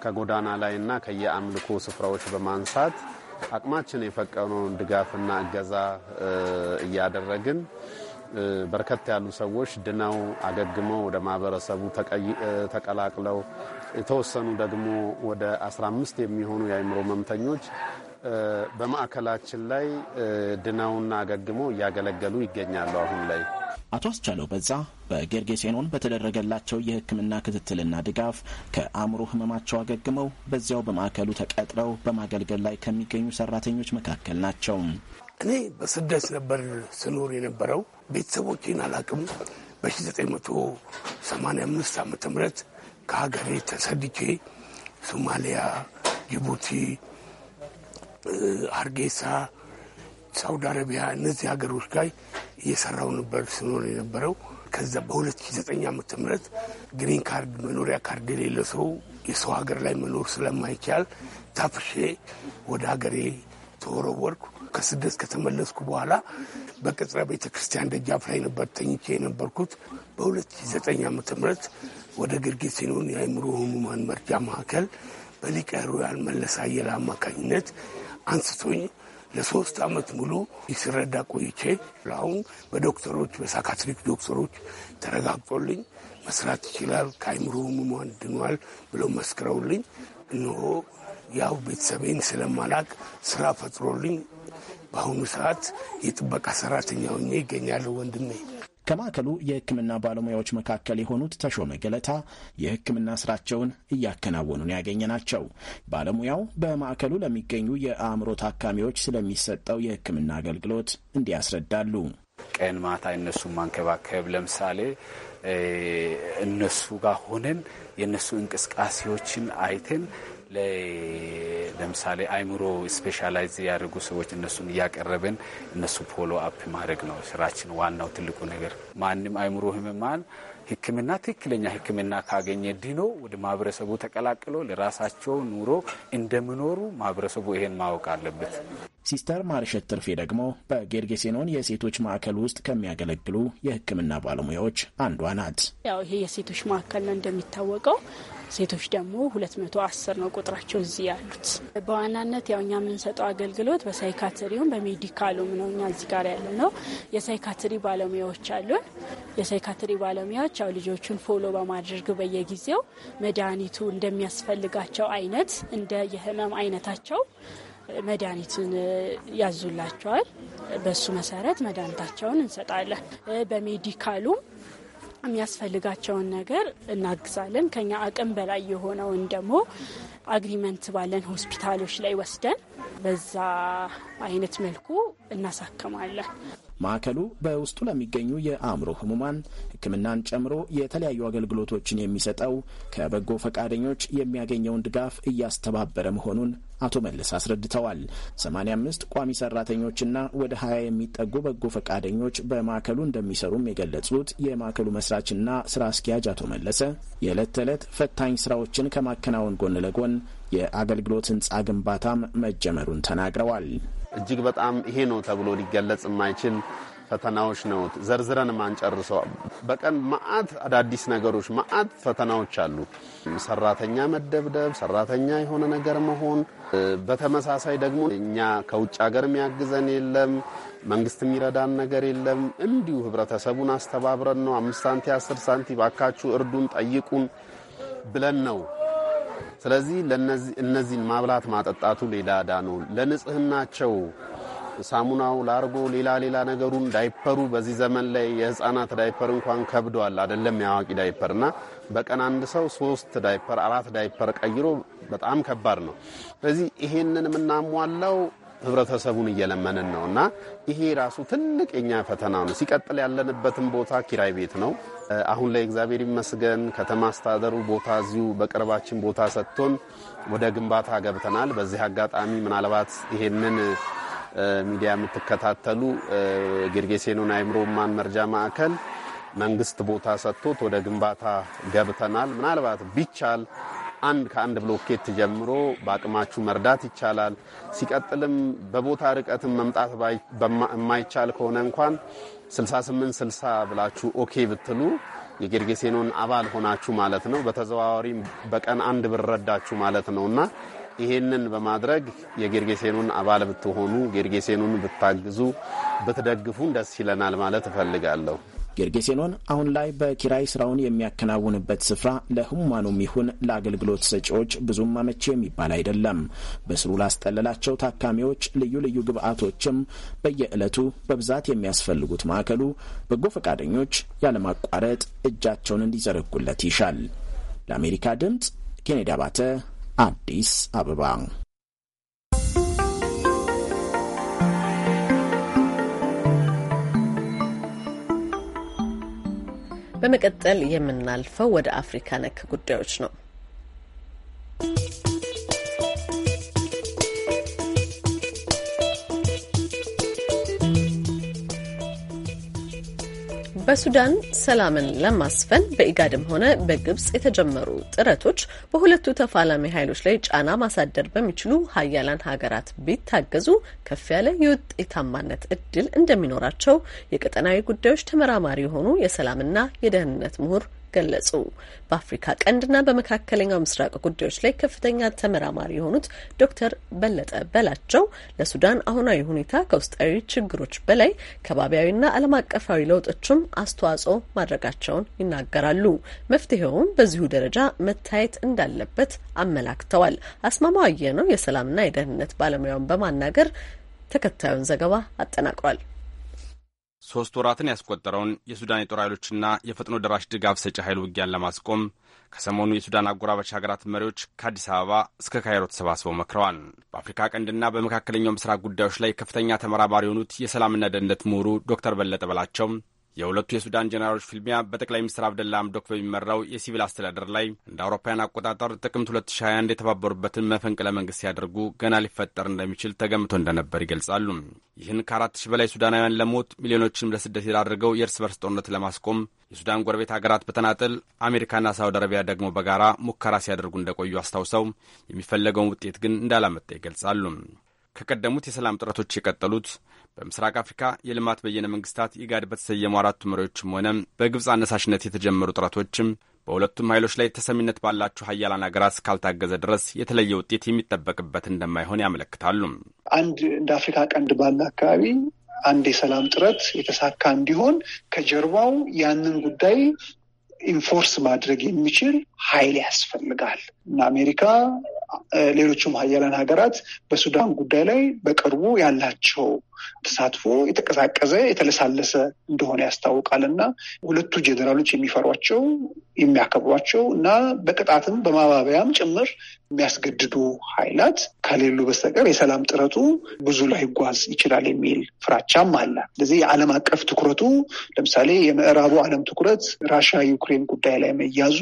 ከጎዳና ላይና ከየአምልኮ ስፍራዎች በማንሳት አቅማችን የፈቀነውን ድጋፍና እገዛ እያደረግን በርከት ያሉ ሰዎች ድነው አገግመው ወደ ማህበረሰቡ ተቀላቅለው የተወሰኑ ደግሞ ወደ 15 የሚሆኑ የአእምሮ ህመምተኞች በማዕከላችን ላይ ድነውና አገግመው እያገለገሉ ይገኛሉ አሁን ላይ። አቶ አስቻለው በዛ በጌርጌሴኖን በተደረገላቸው የሕክምና ክትትልና ድጋፍ ከአእምሮ ህመማቸው አገግመው በዚያው በማዕከሉ ተቀጥረው በማገልገል ላይ ከሚገኙ ሰራተኞች መካከል ናቸው። እኔ በስደት ነበር ስኖር የነበረው ቤተሰቦቼን አላቅም። በ1985 ዓ ም ከሀገሬ ተሰድቼ ሶማሊያ፣ ጅቡቲ፣ አርጌሳ፣ ሳውዲ አረቢያ እነዚህ ሀገሮች ጋር እየሰራው ነበር ስኖር የነበረው። ከዛ በ2009 ዓ ም ግሪን ካርድ መኖሪያ ካርድ የሌለ ሰው የሰው ሀገር ላይ መኖር ስለማይቻል ታፍሼ ወደ ሀገሬ ተወረወርኩ። ከስደት ከተመለስኩ በኋላ በቅጥረ ቤተ ክርስቲያን ደጃፍ ላይ ነበር ተኝቼ የነበርኩት። በ2009 ዓ ም ወደ ግርጌ ሲኖን የአእምሮ ህሙማን መርጃ ማዕከል በሊቀ ሮያል መለስ አየለ አማካኝነት አንስቶኝ ለሶስት ዓመት ሙሉ ይስረዳ ቆይቼ አሁን በዶክተሮች በሳካትሪክ ዶክተሮች ተረጋግጦልኝ መስራት ይችላል፣ ከአይምሮ ህሙማን ድኗል ብለው መስክረውልኝ እንሆ ያው ቤተሰቤን ስለማላቅ ስራ ፈጥሮልኝ በአሁኑ ሰዓት የጥበቃ ሰራተኛ ሆኜ ይገኛለሁ ወንድሜ። ከማዕከሉ የሕክምና ባለሙያዎች መካከል የሆኑት ተሾመ ገለታ የሕክምና ስራቸውን እያከናወኑ ነው ያገኘ ናቸው። ባለሙያው በማዕከሉ ለሚገኙ የአእምሮ ታካሚዎች ስለሚሰጠው የሕክምና አገልግሎት እንዲያስረዳሉ። ቀን ማታ እነሱን ማንከባከብ ለምሳሌ እነሱ ጋር ሆነን የእነሱ እንቅስቃሴዎችን አይተን ለምሳሌ አይምሮ ስፔሻላይዝ ያደርጉ ሰዎች እነሱን እያቀረብን እነሱ ፖሎ አፕ ማድረግ ነው ስራችን። ዋናው ትልቁ ነገር ማንም አይምሮ ህመማን ህክምና ትክክለኛ ህክምና ካገኘ ድኖ ወደ ማህበረሰቡ ተቀላቅሎ ለራሳቸው ኑሮ እንደሚኖሩ ማህበረሰቡ ይሄን ማወቅ አለበት። ሲስተር ማርሸት ትርፌ ደግሞ በጌርጌሴኖን የሴቶች ማዕከል ውስጥ ከሚያገለግሉ የሕክምና ባለሙያዎች አንዷ ናት። ያው ይሄ የሴቶች ማዕከል ነው እንደሚታወቀው። ሴቶች ደግሞ ሁለት መቶ አስር ነው ቁጥራቸው እዚህ ያሉት። በዋናነት ያው እኛ የምንሰጠው አገልግሎት በሳይካትሪውም በሜዲካሉም ነው። እኛ እዚህ ጋር ያለ ነው የሳይካትሪ ባለሙያዎች አሉን። የሳይካትሪ ባለሙያዎች ያው ልጆቹን ፎሎ በማድረግ በየጊዜው መድኃኒቱ እንደሚያስፈልጋቸው አይነት እንደ የህመም አይነታቸው መድኃኒትን ያዙላቸዋል። በሱ መሰረት መድኃኒታቸውን እንሰጣለን። በሜዲካሉ የሚያስፈልጋቸውን ነገር እናግዛለን። ከኛ አቅም በላይ የሆነውን ደግሞ አግሪመንት ባለን ሆስፒታሎች ላይ ወስደን በዛ አይነት መልኩ እናሳክማለን። ማዕከሉ በውስጡ ለሚገኙ የአእምሮ ህሙማን ሕክምናን ጨምሮ የተለያዩ አገልግሎቶችን የሚሰጠው ከበጎ ፈቃደኞች የሚያገኘውን ድጋፍ እያስተባበረ መሆኑን አቶ መለስ አስረድተዋል። 85 ቋሚ ሰራተኞችና ወደ 20 የሚጠጉ በጎ ፈቃደኞች በማዕከሉ እንደሚሰሩም የገለጹት የማዕከሉ መስራችና ስራ አስኪያጅ አቶ መለሰ የዕለት ተዕለት ፈታኝ ስራዎችን ከማከናወን ጎን ለጎን የአገልግሎት ህንፃ ግንባታም መጀመሩን ተናግረዋል። እጅግ በጣም ይሄ ነው ተብሎ ሊገለጽ የማይችል ፈተናዎች ነው። ዘርዝረን ማንጨርሰው በቀን መዓት አዳዲስ ነገሮች መዓት ፈተናዎች አሉ። ሰራተኛ መደብደብ፣ ሰራተኛ የሆነ ነገር መሆን። በተመሳሳይ ደግሞ እኛ ከውጭ ሀገር የሚያግዘን የለም፣ መንግስት የሚረዳን ነገር የለም። እንዲሁ ህብረተሰቡን አስተባብረን ነው አምስት ሳንቲ አስር ሳንቲ ባካችሁ እርዱን ጠይቁን ብለን ነው ስለዚህ እነዚህን ማብላት ማጠጣቱ ሌላ እዳ ነው። ለንጽህናቸው ሳሙናው ላርጎ፣ ሌላ ሌላ ነገሩን ዳይፐሩ በዚህ ዘመን ላይ የህፃናት ዳይፐር እንኳን ከብደዋል አይደለም የአዋቂ ዳይፐር እና በቀን አንድ ሰው ሶስት ዳይፐር አራት ዳይፐር ቀይሮ በጣም ከባድ ነው። ስለዚህ ይሄንን የምናሟላው ህብረተሰቡን እየለመንን ነው እና ይሄ ራሱ ትልቅ የኛ ፈተና ነው። ሲቀጥል ያለንበትን ቦታ ኪራይ ቤት ነው። አሁን ላይ እግዚአብሔር ይመስገን ከተማ አስተዳደሩ ቦታ እዚሁ በቅርባችን ቦታ ሰጥቶን ወደ ግንባታ ገብተናል። በዚህ አጋጣሚ ምናልባት ይሄንን ሚዲያ የምትከታተሉ ጌርጌሴኖን አእምሮ ማን መርጃ ማዕከል መንግስት ቦታ ሰጥቶት ወደ ግንባታ ገብተናል። ምናልባት ቢቻል አንድ ከአንድ ብሎኬት ጀምሮ በአቅማችሁ መርዳት ይቻላል። ሲቀጥልም በቦታ ርቀትን መምጣት የማይቻል ከሆነ እንኳን 68 60 ብላችሁ ኦኬ ብትሉ የጌርጌሴኖን አባል ሆናችሁ ማለት ነው። በተዘዋዋሪም በቀን አንድ ብር ረዳችሁ ማለት ነውና ይሄንን በማድረግ የጌርጌሴኑን አባል ብትሆኑ፣ ጌርጌሴኑን ብታግዙ፣ ብትደግፉን ደስ ይለናል ማለት እፈልጋለሁ። ጌርጌሴኖን አሁን ላይ በኪራይ ስራውን የሚያከናውንበት ስፍራ ለህሙማኑም ይሁን ለአገልግሎት ሰጪዎች ብዙም አመቺ የሚባል አይደለም። በስሩ ላስጠለላቸው ታካሚዎች ልዩ ልዩ ግብዓቶችም በየዕለቱ በብዛት የሚያስፈልጉት ማዕከሉ በጎ ፈቃደኞች ያለማቋረጥ እጃቸውን እንዲዘረጉለት ይሻል። ለአሜሪካ ድምፅ ኬኔዲ አባተ አዲስ አበባ። በመቀጠል የምናልፈው ወደ አፍሪካ ነክ ጉዳዮች ነው። በሱዳን ሰላምን ለማስፈን በኢጋድም ሆነ በግብጽ የተጀመሩ ጥረቶች በሁለቱ ተፋላሚ ኃይሎች ላይ ጫና ማሳደር በሚችሉ ሀያላን ሀገራት ቢታገዙ ከፍ ያለ የውጤታማነት እድል እንደሚኖራቸው የቀጠናዊ ጉዳዮች ተመራማሪ የሆኑ የሰላምና የደህንነት ምሁር ገለጹ። በአፍሪካ ቀንድና በመካከለኛው ምስራቅ ጉዳዮች ላይ ከፍተኛ ተመራማሪ የሆኑት ዶክተር በለጠ በላቸው ለሱዳን አሁናዊ ሁኔታ ከውስጣዊ ችግሮች በላይ ከባቢያዊና ዓለም አቀፋዊ ለውጦችም አስተዋጽኦ ማድረጋቸውን ይናገራሉ። መፍትሄውም በዚሁ ደረጃ መታየት እንዳለበት አመላክተዋል። አስማማ አየነው የሰላምና የደህንነት ባለሙያውን በማናገር ተከታዩን ዘገባ አጠናቅሯል። ሦስት ወራትን ያስቆጠረውን የሱዳን የጦር ኃይሎችና የፈጥኖ ደራሽ ድጋፍ ሰጪ ኃይል ውጊያን ለማስቆም ከሰሞኑ የሱዳን አጎራባች ሀገራት መሪዎች ከአዲስ አበባ እስከ ካይሮ ተሰባስበው መክረዋል። በአፍሪካ ቀንድና በመካከለኛው ምስራቅ ጉዳዮች ላይ ከፍተኛ ተመራማሪ የሆኑት የሰላምና ደህንነት ምሁሩ ዶክተር በለጠ በላቸው የሁለቱ የሱዳን ጀኔራሎች ፍልሚያ በጠቅላይ ሚኒስትር አብደላ አምዶክ በሚመራው የሲቪል አስተዳደር ላይ እንደ አውሮፓውያን አቆጣጠር ጥቅምት 2021 የተባበሩበትን መፈንቅለ መንግስት ሲያደርጉ ገና ሊፈጠር እንደሚችል ተገምቶ እንደነበር ይገልጻሉ። ይህን ከአራት ሺህ በላይ ሱዳናውያን ለሞት ሚሊዮኖችንም ለስደት የዳረገው የእርስ በርስ ጦርነት ለማስቆም የሱዳን ጎረቤት ሀገራት በተናጠል አሜሪካና ሳውዲ አረቢያ ደግሞ በጋራ ሙከራ ሲያደርጉ እንደቆዩ አስታውሰው የሚፈለገውን ውጤት ግን እንዳላመጣ ይገልጻሉ። ከቀደሙት የሰላም ጥረቶች የቀጠሉት በምስራቅ አፍሪካ የልማት በየነ መንግስታት ኢጋድ በተሰየሙ አራቱ መሪዎችም ሆነ በግብፅ አነሳሽነት የተጀመሩ ጥረቶችም በሁለቱም ኃይሎች ላይ ተሰሚነት ባላቸው ሀያላን ሀገራት እስካልታገዘ ድረስ የተለየ ውጤት የሚጠበቅበት እንደማይሆን ያመለክታሉ። አንድ እንደ አፍሪካ ቀንድ ባለ አካባቢ አንድ የሰላም ጥረት የተሳካ እንዲሆን ከጀርባው ያንን ጉዳይ ኢንፎርስ ማድረግ የሚችል ኃይል ያስፈልጋል እና አሜሪካ ሌሎችም ሀያላን ሀገራት በሱዳን ጉዳይ ላይ በቅርቡ ያላቸው ተሳትፎ የተቀዛቀዘ የተለሳለሰ እንደሆነ ያስታውቃል እና ሁለቱ ጀኔራሎች የሚፈሯቸው የሚያከብሯቸው እና በቅጣትም በማባበያም ጭምር የሚያስገድዱ ኃይላት ከሌሉ በስተቀር የሰላም ጥረቱ ብዙ ላይጓዝ ይችላል የሚል ፍራቻም አለ። ስለዚህ የዓለም አቀፍ ትኩረቱ ለምሳሌ የምዕራቡ ዓለም ትኩረት ራሽያ ዩክሬን ጉዳይ ላይ መያዙ፣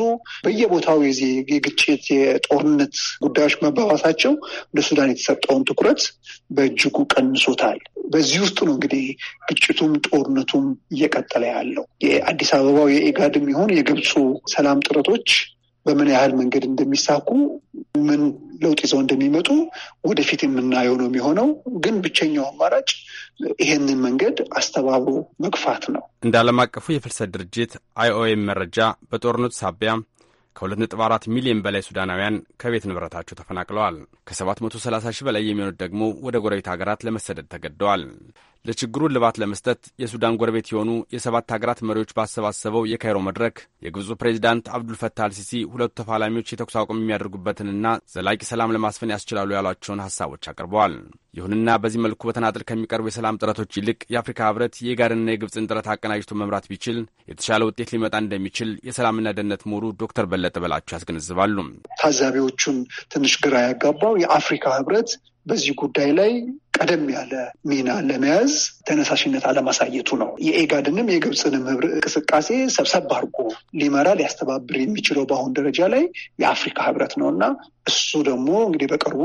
በየቦታው የዚህ የግጭት የጦርነት ጉዳዮች መባባሳቸው ወደ ሱዳን የተሰጠውን ትኩረት በእጅጉ ቀንሶታል። በዚህ ውስጥ ነው እንግዲህ ግጭቱም ጦርነቱም እየቀጠለ ያለው። የአዲስ አበባው የኢጋድም ይሁን የግብፁ ሰላም ጥረቶች በምን ያህል መንገድ እንደሚሳኩ ምን ለውጥ ይዘው እንደሚመጡ ወደፊት የምናየው ነው የሚሆነው። ግን ብቸኛው አማራጭ ይሄንን መንገድ አስተባብሮ መግፋት ነው። እንደ ዓለም አቀፉ የፍልሰት ድርጅት አይኦኤም መረጃ በጦርነቱ ሳቢያ ከ2.4 ሚሊዮን በላይ ሱዳናውያን ከቤት ንብረታቸው ተፈናቅለዋል። ከ730 ሺህ በላይ የሚሆኑት ደግሞ ወደ ጎረቤት ሀገራት ለመሰደድ ተገደዋል። ለችግሩ ልባት ለመስጠት የሱዳን ጎረቤት የሆኑ የሰባት ሀገራት መሪዎች ባሰባሰበው የካይሮ መድረክ የግብፁ ፕሬዚዳንት አብዱልፈታህ አልሲሲ ሁለቱ ተፋላሚዎች የተኩስ አቁም የሚያደርጉበትንና ዘላቂ ሰላም ለማስፈን ያስችላሉ ያሏቸውን ሀሳቦች አቅርበዋል። ይሁንና በዚህ መልኩ በተናጥል ከሚቀርቡ የሰላም ጥረቶች ይልቅ የአፍሪካ ህብረት የጋርና የግብፅን ጥረት አቀናጅቶ መምራት ቢችል የተሻለ ውጤት ሊመጣ እንደሚችል የሰላምና ደህንነት ምሁሩ ዶክተር በለጠ በላቸው ያስገነዝባሉ። ታዛቢዎቹን ትንሽ ግራ ያጋባው የአፍሪካ ህብረት በዚህ ጉዳይ ላይ ቀደም ያለ ሚና ለመያዝ ተነሳሽነት አለማሳየቱ ነው። የኤጋድንም የግብፅንም ህብር እንቅስቃሴ ሰብሰብ አድርጎ ሊመራ ሊያስተባብር የሚችለው በአሁን ደረጃ ላይ የአፍሪካ ህብረት ነው እና እሱ ደግሞ እንግዲህ በቅርቡ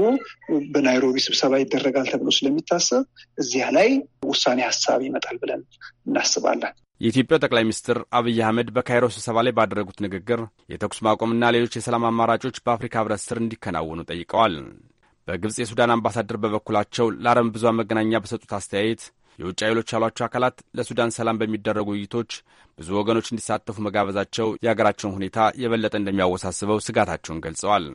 በናይሮቢ ስብሰባ ይደረጋል ተብሎ ስለሚታሰብ እዚያ ላይ ውሳኔ ሀሳብ ይመጣል ብለን እናስባለን። የኢትዮጵያ ጠቅላይ ሚኒስትር አብይ አህመድ በካይሮ ስብሰባ ላይ ባደረጉት ንግግር የተኩስ ማቆምና ሌሎች የሰላም አማራጮች በአፍሪካ ህብረት ስር እንዲከናወኑ ጠይቀዋል። በግብፅ የሱዳን አምባሳደር በበኩላቸው ለአረም ብዙኃን መገናኛ በሰጡት አስተያየት የውጭ ኃይሎች ያሏቸው አካላት ለሱዳን ሰላም በሚደረጉ ውይይቶች ብዙ ወገኖች እንዲሳተፉ መጋበዛቸው የሀገራቸውን ሁኔታ የበለጠ እንደሚያወሳስበው ስጋታቸውን ገልጸዋል።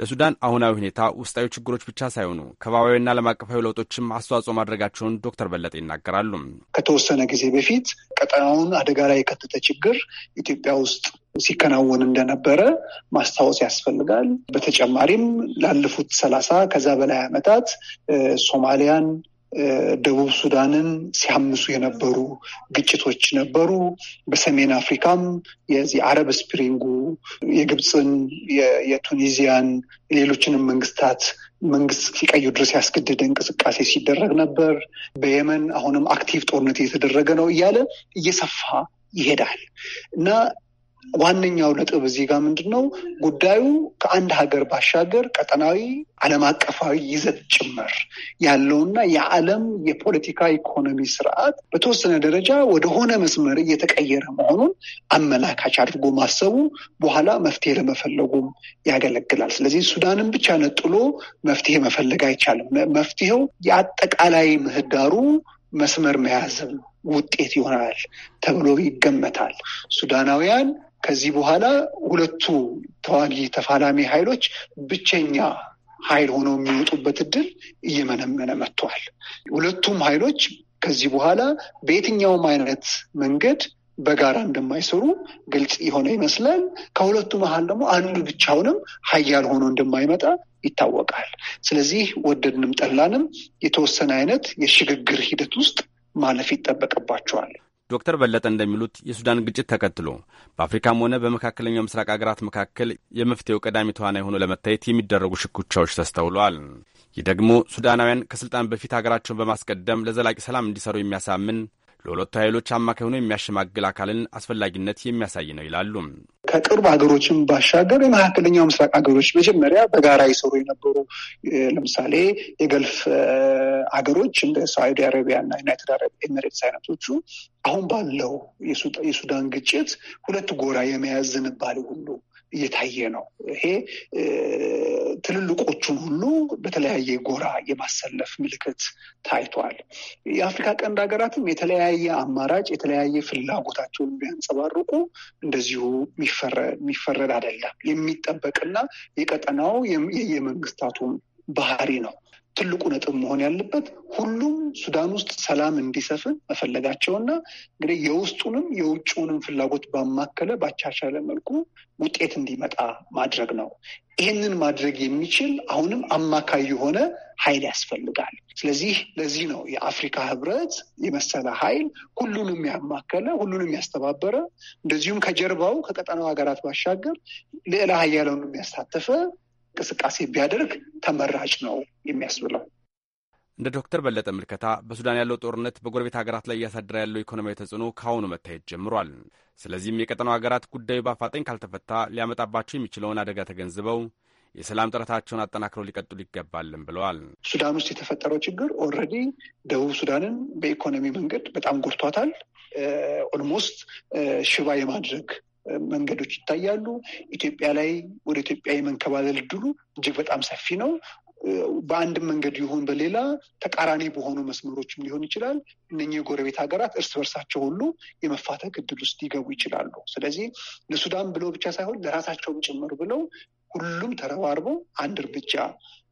ለሱዳን አሁናዊ ሁኔታ ውስጣዊ ችግሮች ብቻ ሳይሆኑ ከባባዊና ዓለም አቀፋዊ ለውጦችም አስተዋጽኦ ማድረጋቸውን ዶክተር በለጠ ይናገራሉ። ከተወሰነ ጊዜ በፊት ቀጠናውን አደጋ ላይ የከተተ ችግር ኢትዮጵያ ውስጥ ሲከናወን እንደነበረ ማስታወስ ያስፈልጋል። በተጨማሪም ላለፉት ሰላሳ ከዛ በላይ ዓመታት ሶማሊያን ደቡብ ሱዳንን ሲያምሱ የነበሩ ግጭቶች ነበሩ። በሰሜን አፍሪካም የዚህ አረብ ስፕሪንጉ የግብፅን፣ የቱኒዚያን ሌሎችንም መንግስታት መንግስት ሲቀዩ ድረስ ያስገደደ እንቅስቃሴ ሲደረግ ነበር። በየመን አሁንም አክቲቭ ጦርነት እየተደረገ ነው እያለ እየሰፋ ይሄዳል እና ዋነኛው ነጥብ እዚህ ጋር ምንድን ነው ጉዳዩ ከአንድ ሀገር ባሻገር ቀጠናዊ ዓለም አቀፋዊ ይዘት ጭምር ያለውና የዓለም የፖለቲካ ኢኮኖሚ ስርዓት በተወሰነ ደረጃ ወደሆነ መስመር እየተቀየረ መሆኑን አመላካች አድርጎ ማሰቡ በኋላ መፍትሄ ለመፈለጉም ያገለግላል። ስለዚህ ሱዳንን ብቻ ነጥሎ መፍትሄ መፈለግ አይቻልም። መፍትሄው የአጠቃላይ ምህዳሩ መስመር መያዝም ውጤት ይሆናል ተብሎ ይገመታል። ሱዳናውያን ከዚህ በኋላ ሁለቱ ተዋጊ ተፋላሚ ኃይሎች ብቸኛ ኃይል ሆነው የሚወጡበት እድል እየመነመነ መጥተዋል። ሁለቱም ኃይሎች ከዚህ በኋላ በየትኛውም አይነት መንገድ በጋራ እንደማይሰሩ ግልጽ የሆነ ይመስላል። ከሁለቱ መሀል ደግሞ አንዱ ብቻውንም ሀያል ሆኖ እንደማይመጣ ይታወቃል። ስለዚህ ወደድንም ጠላንም የተወሰነ አይነት የሽግግር ሂደት ውስጥ ማለፍ ይጠበቅባቸዋል። ዶክተር በለጠ እንደሚሉት የሱዳን ግጭት ተከትሎ በአፍሪካም ሆነ በመካከለኛው ምስራቅ ሀገራት መካከል የመፍትሄው ቀዳሚ ተዋናይ ሆኖ ለመታየት የሚደረጉ ሽኩቻዎች ተስተውለዋል። ይህ ደግሞ ሱዳናውያን ከስልጣን በፊት ሀገራቸውን በማስቀደም ለዘላቂ ሰላም እንዲሰሩ የሚያሳምን ለሁለቱ ኃይሎች አማካይ ሆኖ የሚያሸማግል አካልን አስፈላጊነት የሚያሳይ ነው ይላሉ። ከቅርብ ሀገሮችን ባሻገር የመካከለኛው ምስራቅ ሀገሮች መጀመሪያ በጋራ ይሰሩ የነበሩ ለምሳሌ የገልፍ ሀገሮች እንደ ሳዑዲ አረቢያ እና ዩናይትድ አረብ ኤሚሬትስ አይነቶቹ አሁን ባለው የሱዳን ግጭት ሁለት ጎራ የመያዝ ዝንባሌ ሁሉ እየታየ ነው። ይሄ ትልልቆቹን ሁሉ በተለያየ ጎራ የማሰለፍ ምልክት ታይቷል። የአፍሪካ ቀንድ ሀገራትም የተለያየ አማራጭ የተለያየ ፍላጎታቸውን ቢያንጸባርቁ እንደዚሁ የሚፈረድ አይደለም። የሚጠበቅና የቀጠናው የየመንግስታቱም ባህሪ ነው። ትልቁ ነጥብ መሆን ያለበት ሁሉም ሱዳን ውስጥ ሰላም እንዲሰፍን መፈለጋቸውና እንግዲህ የውስጡንም የውጭውንም ፍላጎት ባማከለ ባቻቻለ መልኩ ውጤት እንዲመጣ ማድረግ ነው። ይህንን ማድረግ የሚችል አሁንም አማካይ የሆነ ኃይል ያስፈልጋል። ስለዚህ ለዚህ ነው የአፍሪካ ህብረት የመሰለ ኃይል ሁሉንም ያማከለ ሁሉንም ያስተባበረ እንደዚሁም ከጀርባው ከቀጠናው ሀገራት ባሻገር ልዕለ ሀያላኑን ያሳተፈ እንቅስቃሴ ቢያደርግ ተመራጭ ነው የሚያስብለው። እንደ ዶክተር በለጠ ምልከታ በሱዳን ያለው ጦርነት በጎረቤት ሀገራት ላይ እያሳደረ ያለው ኢኮኖሚያዊ ተጽዕኖ ከአሁኑ መታየት ጀምሯል። ስለዚህም የቀጠናው ሀገራት ጉዳዩ በአፋጣኝ ካልተፈታ ሊያመጣባቸው የሚችለውን አደጋ ተገንዝበው የሰላም ጥረታቸውን አጠናክረው ሊቀጥሉ ይገባልን ብለዋል። ሱዳን ውስጥ የተፈጠረው ችግር ኦልሬዲ ደቡብ ሱዳንን በኢኮኖሚ መንገድ በጣም ጎድቷታል። ኦልሞስት ሽባ የማድረግ መንገዶች ይታያሉ። ኢትዮጵያ ላይ ወደ ኢትዮጵያ የመንከባለል እድሉ እጅግ በጣም ሰፊ ነው። በአንድም መንገድ ይሁን በሌላ ተቃራኒ በሆኑ መስመሮችም ሊሆን ይችላል። እነኚህ የጎረቤት ሀገራት እርስ በርሳቸው ሁሉ የመፋተግ እድል ውስጥ ሊገቡ ይችላሉ። ስለዚህ ለሱዳን ብለው ብቻ ሳይሆን ለራሳቸውም ጭምር ብለው ሁሉም ተረባርበው አንድ እርምጃ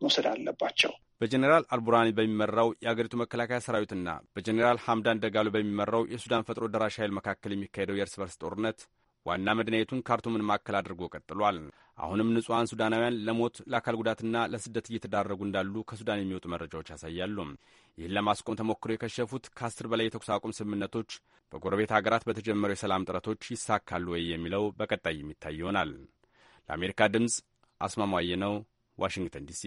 መውሰድ አለባቸው። በጀኔራል አልቡራኒ በሚመራው የአገሪቱ መከላከያ ሰራዊትና በጀኔራል ሐምዳን ደጋሎ በሚመራው የሱዳን ፈጥኖ ደራሽ ኃይል መካከል የሚካሄደው የእርስ በርስ ጦርነት ዋና መዲናይቱን ካርቱምን ማዕከል አድርጎ ቀጥሏል። አሁንም ንጹሐን ሱዳናውያን ለሞት ለአካል ጉዳትና ለስደት እየተዳረጉ እንዳሉ ከሱዳን የሚወጡ መረጃዎች ያሳያሉ። ይህን ለማስቆም ተሞክሮ የከሸፉት ከአስር በላይ የተኩስ አቁም ስምምነቶች በጎረቤት ሀገራት በተጀመረው የሰላም ጥረቶች ይሳካሉ ወይ የሚለው በቀጣይ የሚታይ ይሆናል። ለአሜሪካ ድምፅ አስማማየ ነው፣ ዋሽንግተን ዲሲ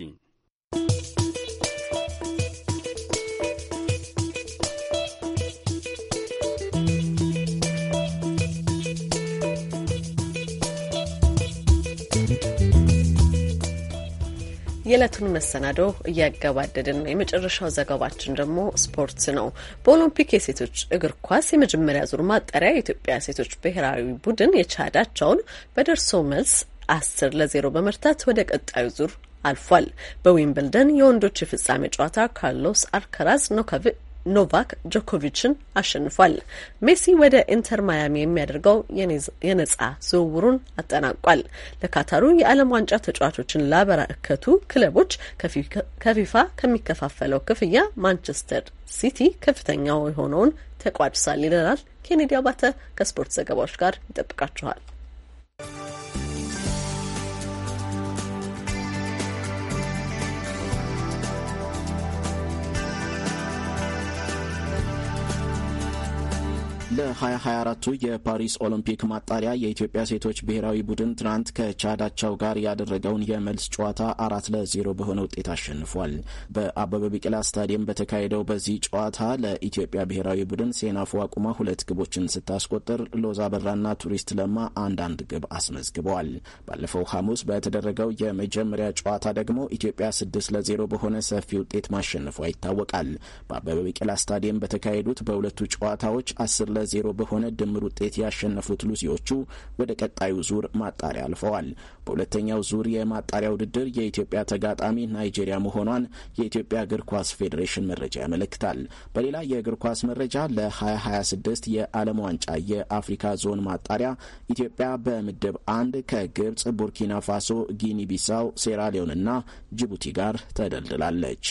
የዕለቱን መሰናዶ እያገባደድን ነው። የመጨረሻው ዘገባችን ደግሞ ስፖርት ነው። በኦሎምፒክ የሴቶች እግር ኳስ የመጀመሪያ ዙር ማጣሪያ የኢትዮጵያ ሴቶች ብሔራዊ ቡድን የቻዳቸውን በደርሶ መልስ አስር ለዜሮ በመርታት ወደ ቀጣዩ ዙር አልፏል። በዊምብልደን የወንዶች የፍጻሜ ጨዋታ ካርሎስ አርከራዝ ኖካቪ ኖቫክ ጆኮቪችን አሸንፏል። ሜሲ ወደ ኢንተር ማያሚ የሚያደርገው የነጻ ዝውውሩን አጠናቋል። ለካታሩ የዓለም ዋንጫ ተጫዋቾችን ላበረከቱ ክለቦች ከፊፋ ከሚከፋፈለው ክፍያ ማንቸስተር ሲቲ ከፍተኛው የሆነውን ተቋድሳል ይለናል። ኬኔዲ አባተ ከስፖርት ዘገባዎች ጋር ይጠብቃችኋል። ለ2024ቱ የፓሪስ ኦሎምፒክ ማጣሪያ የኢትዮጵያ ሴቶች ብሔራዊ ቡድን ትናንት ከቻዳቸው ጋር ያደረገውን የመልስ ጨዋታ አራት ለዜሮ በሆነ ውጤት አሸንፏል። በአበበ ቢቂላ ስታዲየም በተካሄደው በዚህ ጨዋታ ለኢትዮጵያ ብሔራዊ ቡድን ሴናፉ አቁማ ሁለት ግቦችን ስታስቆጥር፣ ሎዛ በራና ቱሪስት ለማ አንዳንድ ግብ አስመዝግበዋል። ባለፈው ሐሙስ በተደረገው የመጀመሪያ ጨዋታ ደግሞ ኢትዮጵያ ስድስት ለዜሮ በሆነ ሰፊ ውጤት ማሸነፏ ይታወቃል። በአበበ ቢቂላ ስታዲየም በተካሄዱት በሁለቱ ጨዋታዎች አስር ለ ለዜሮ በሆነ ድምር ውጤት ያሸነፉት ሉሲዎቹ ወደ ቀጣዩ ዙር ማጣሪያ አልፈዋል። በሁለተኛው ዙር የማጣሪያ ውድድር የኢትዮጵያ ተጋጣሚ ናይጄሪያ መሆኗን የኢትዮጵያ እግር ኳስ ፌዴሬሽን መረጃ ያመለክታል። በሌላ የእግር ኳስ መረጃ ለ2026 የዓለም ዋንጫ የአፍሪካ ዞን ማጣሪያ ኢትዮጵያ በምድብ አንድ ከግብፅ፣ ቡርኪና ፋሶ፣ ጊኒ ቢሳው፣ ሴራሊዮን ጅቡቲ ጋር ተደልድላለች።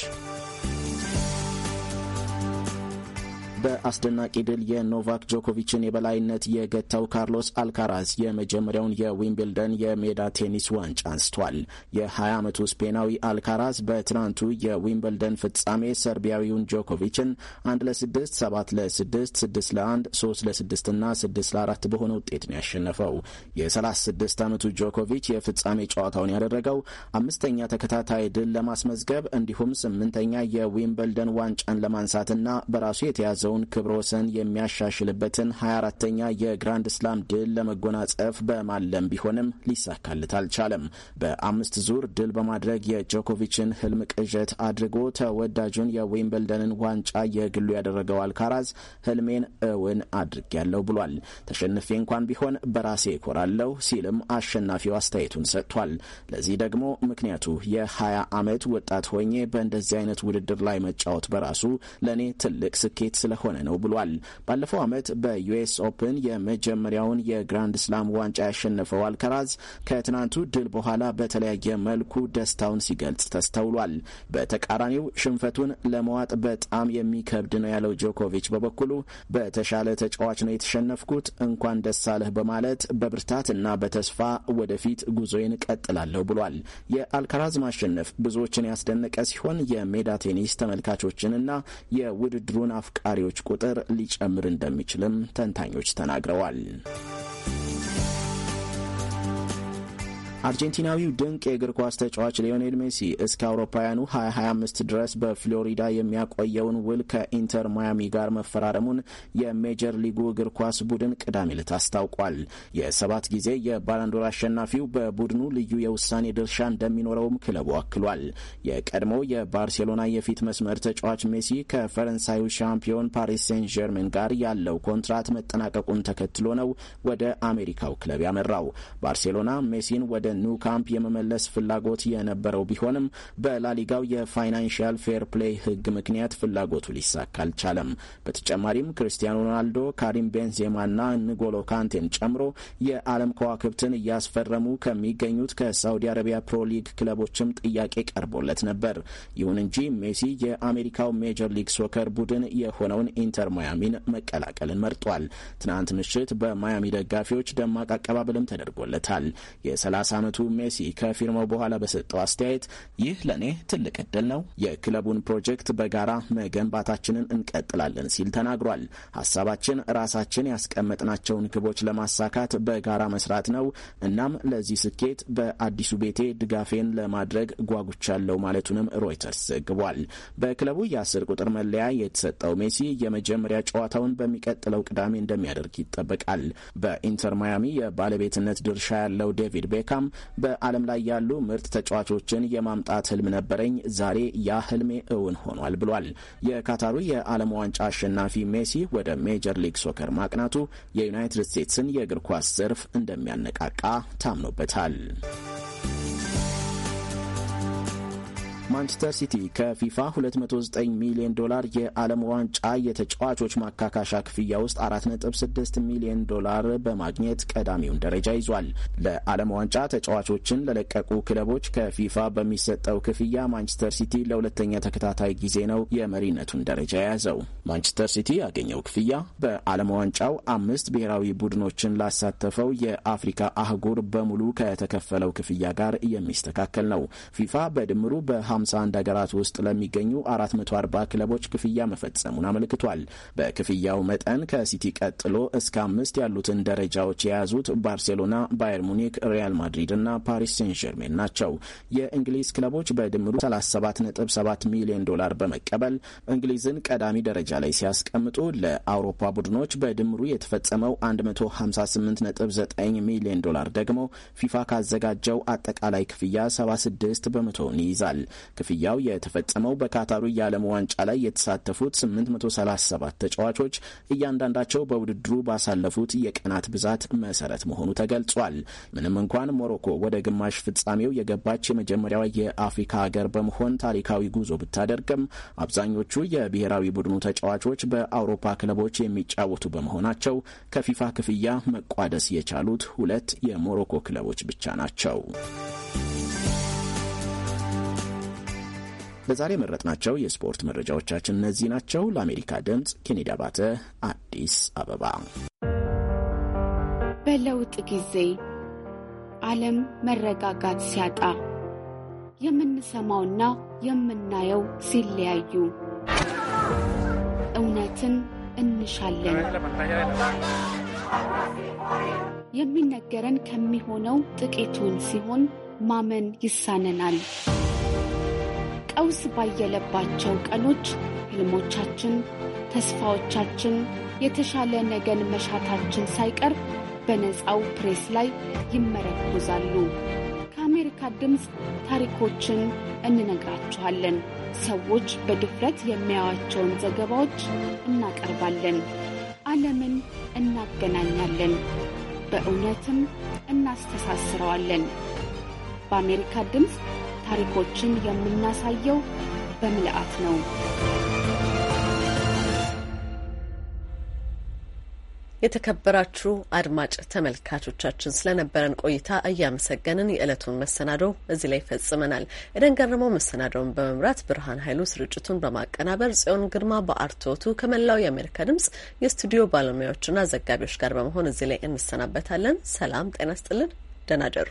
በአስደናቂ ድል የኖቫክ ጆኮቪችን የበላይነት የገታው ካርሎስ አልካራዝ የመጀመሪያውን የዊምብልደን የሜዳ ቴኒስ ዋንጫ አንስቷል። የ20 ዓመቱ ስፔናዊ አልካራዝ በትናንቱ የዊምብልደን ፍጻሜ ሰርቢያዊውን ጆኮቪችን 1 ለ6፣ 7 ለ6፣ 6 ለ1፣ 3 ለ6 እና 6 ለ4 በሆነ ውጤት ነው ያሸነፈው። የ36 ዓመቱ ጆኮቪች የፍጻሜ ጨዋታውን ያደረገው አምስተኛ ተከታታይ ድል ለማስመዝገብ እንዲሁም ስምንተኛ የዊምብልደን ዋንጫን ለማንሳትና በራሱ የተያዘው የያዘውን ክብረ ወሰን የሚያሻሽልበትን 24ተኛ የግራንድ ስላም ድል ለመጎናጸፍ በማለም ቢሆንም ሊሳካለት አልቻለም። በአምስት ዙር ድል በማድረግ የጆኮቪችን ህልም ቅዠት አድርጎ ተወዳጁን የዊምብልደንን ዋንጫ የግሉ ያደረገው አልካራዝ ህልሜን እውን አድርጌያለሁ ብሏል። ተሸንፌ እንኳን ቢሆን በራሴ እኮራለሁ ሲልም አሸናፊው አስተያየቱን ሰጥቷል። ለዚህ ደግሞ ምክንያቱ የ20 ዓመት ወጣት ሆኜ በእንደዚህ አይነት ውድድር ላይ መጫወት በራሱ ለእኔ ትልቅ ስኬት ስለ የሆነ ነው ብሏል። ባለፈው ዓመት በዩኤስ ኦፕን የመጀመሪያውን የግራንድ ስላም ዋንጫ ያሸነፈው አልከራዝ ከትናንቱ ድል በኋላ በተለያየ መልኩ ደስታውን ሲገልጽ ተስተውሏል። በተቃራኒው ሽንፈቱን ለመዋጥ በጣም የሚከብድ ነው ያለው ጆኮቪች በበኩሉ በተሻለ ተጫዋች ነው የተሸነፍኩት፣ እንኳን ደስ አለህ በማለት በብርታትና በተስፋ ወደፊት ጉዞዬን ቀጥላለሁ ብሏል። የአልካራዝ ማሸነፍ ብዙዎችን ያስደነቀ ሲሆን የሜዳ ቴኒስ ተመልካቾችንና የውድድሩን አፍቃሪዎች ቁጥር ሊጨምር እንደሚችልም ተንታኞች ተናግረዋል። አርጀንቲናዊው ድንቅ የእግር ኳስ ተጫዋች ሊዮኔል ሜሲ እስከ አውሮፓውያኑ 2025 ድረስ በፍሎሪዳ የሚያቆየውን ውል ከኢንተር ማያሚ ጋር መፈራረሙን የሜጀር ሊጉ እግር ኳስ ቡድን ቅዳሜ ዕለት አስታውቋል። የሰባት ጊዜ የባላንዶር አሸናፊው በቡድኑ ልዩ የውሳኔ ድርሻ እንደሚኖረውም ክለቡ አክሏል። የቀድሞ የባርሴሎና የፊት መስመር ተጫዋች ሜሲ ከፈረንሳዩ ሻምፒዮን ፓሪስ ሴን ጀርሜን ጋር ያለው ኮንትራት መጠናቀቁን ተከትሎ ነው ወደ አሜሪካው ክለብ ያመራው። ባርሴሎና ሜሲን ወደ ወደ ኑ ካምፕ የመመለስ ፍላጎት የነበረው ቢሆንም በላሊጋው የፋይናንሽል ፌር ፕሌይ ህግ ምክንያት ፍላጎቱ ሊሳካ አልቻለም። በተጨማሪም ክርስቲያኖ ሮናልዶ፣ ካሪም ና ንጎሎ ካንቴን ጨምሮ የዓለም ከዋክብትን እያስፈረሙ ከሚገኙት ከሳውዲ አረቢያ ፕሮ ሊግ ክለቦችም ጥያቄ ቀርቦለት ነበር። ይሁን እንጂ ሜሲ የአሜሪካው ሜጀር ሊግ ሶከር ቡድን የሆነውን ኢንተር ማያሚን መቀላቀልን መርጧል። ትናንት ምሽት በማያሚ ደጋፊዎች ደማቅ አቀባበልም ተደርጎለታል። የ30 ዓመቱ ሜሲ ከፊርማው በኋላ በሰጠው አስተያየት ይህ ለእኔ ትልቅ እድል ነው፣ የክለቡን ፕሮጀክት በጋራ መገንባታችንን እንቀጥላለን ሲል ተናግሯል። ሀሳባችን ራሳችን ያስቀመጥናቸውን ግቦች ለማሳካት በጋራ መስራት ነው። እናም ለዚህ ስኬት በአዲሱ ቤቴ ድጋፌን ለማድረግ ጓጉቻለሁ ማለቱንም ሮይተርስ ዘግቧል። በክለቡ የአስር ቁጥር መለያ የተሰጠው ሜሲ የመጀመሪያ ጨዋታውን በሚቀጥለው ቅዳሜ እንደሚያደርግ ይጠበቃል። በኢንተር ማያሚ የባለቤትነት ድርሻ ያለው ዴቪድ ቤካም በዓለም ላይ ያሉ ምርጥ ተጫዋቾችን የማምጣት ህልም ነበረኝ። ዛሬ ያ ህልሜ እውን ሆኗል ብሏል። የካታሩ የዓለም ዋንጫ አሸናፊ ሜሲ ወደ ሜጀር ሊግ ሶከር ማቅናቱ የዩናይትድ ስቴትስን የእግር ኳስ ዘርፍ እንደሚያነቃቃ ታምኖበታል። ማንቸስተር ሲቲ ከፊፋ 209 ሚሊዮን ዶላር የዓለም ዋንጫ የተጫዋቾች ማካካሻ ክፍያ ውስጥ 4.6 ሚሊዮን ዶላር በማግኘት ቀዳሚውን ደረጃ ይዟል። ለዓለም ዋንጫ ተጫዋቾችን ለለቀቁ ክለቦች ከፊፋ በሚሰጠው ክፍያ ማንቸስተር ሲቲ ለሁለተኛ ተከታታይ ጊዜ ነው የመሪነቱን ደረጃ የያዘው። ማንቸስተር ሲቲ ያገኘው ክፍያ በዓለም ዋንጫው አምስት ብሔራዊ ቡድኖችን ላሳተፈው የአፍሪካ አህጉር በሙሉ ከተከፈለው ክፍያ ጋር የሚስተካከል ነው። ፊፋ በድምሩ በ 51 ሀገራት ውስጥ ለሚገኙ 440 ክለቦች ክፍያ መፈጸሙን አመልክቷል። በክፍያው መጠን ከሲቲ ቀጥሎ እስከ አምስት ያሉትን ደረጃዎች የያዙት ባርሴሎና፣ ባየር ሙኒክ፣ ሪያል ማድሪድ እና ፓሪስ ሴን ጀርሜን ናቸው። የእንግሊዝ ክለቦች በድምሩ 377 ሚሊዮን ዶላር በመቀበል እንግሊዝን ቀዳሚ ደረጃ ላይ ሲያስቀምጡ ለአውሮፓ ቡድኖች በድምሩ የተፈጸመው 158.9 ሚሊዮን ዶላር ደግሞ ፊፋ ካዘጋጀው አጠቃላይ ክፍያ 76 በመቶውን ይይዛል። ክፍያው የተፈጸመው በካታሩ የዓለም ዋንጫ ላይ የተሳተፉት 837 ተጫዋቾች እያንዳንዳቸው በውድድሩ ባሳለፉት የቀናት ብዛት መሰረት መሆኑ ተገልጿል። ምንም እንኳን ሞሮኮ ወደ ግማሽ ፍጻሜው የገባች የመጀመሪያዋ የአፍሪካ ሀገር በመሆን ታሪካዊ ጉዞ ብታደርግም አብዛኞቹ የብሔራዊ ቡድኑ ተጫዋቾች በአውሮፓ ክለቦች የሚጫወቱ በመሆናቸው ከፊፋ ክፍያ መቋደስ የቻሉት ሁለት የሞሮኮ ክለቦች ብቻ ናቸው። ለዛሬ የመረጥናቸው የስፖርት መረጃዎቻችን እነዚህ ናቸው። ለአሜሪካ ድምፅ ኬኔዲ አባተ፣ አዲስ አበባ። በለውጥ ጊዜ ዓለም መረጋጋት ሲያጣ የምንሰማውና የምናየው ሲለያዩ እውነትን እንሻለን። የሚነገረን ከሚሆነው ጥቂቱን ሲሆን ማመን ይሳነናል። ቀውስ ባየለባቸው ቀኖች ህልሞቻችን፣ ተስፋዎቻችን፣ የተሻለ ነገን መሻታችን ሳይቀር በነፃው ፕሬስ ላይ ይመረኮዛሉ። ከአሜሪካ ድምፅ ታሪኮችን እንነግራችኋለን። ሰዎች በድፍረት የሚያያቸውን ዘገባዎች እናቀርባለን። ዓለምን እናገናኛለን፣ በእውነትም እናስተሳስረዋለን። በአሜሪካ ድምፅ ታሪኮችን የምናሳየው በምልአት ነው። የተከበራችሁ አድማጭ ተመልካቾቻችን ስለነበረን ቆይታ እያመሰገንን የዕለቱን መሰናዶ እዚህ ላይ ፈጽመናል። ኤደን ገረመው መሰናዶውን በመምራት ብርሃን ኃይሉ ስርጭቱን በማቀናበር ጽዮን ግርማ በአርቶቱ ከመላው የአሜሪካ ድምጽ የስቱዲዮ ባለሙያዎችና ዘጋቢዎች ጋር በመሆን እዚህ ላይ እንሰናበታለን። ሰላም ጤና ስጥልን። ደህና ደሩ።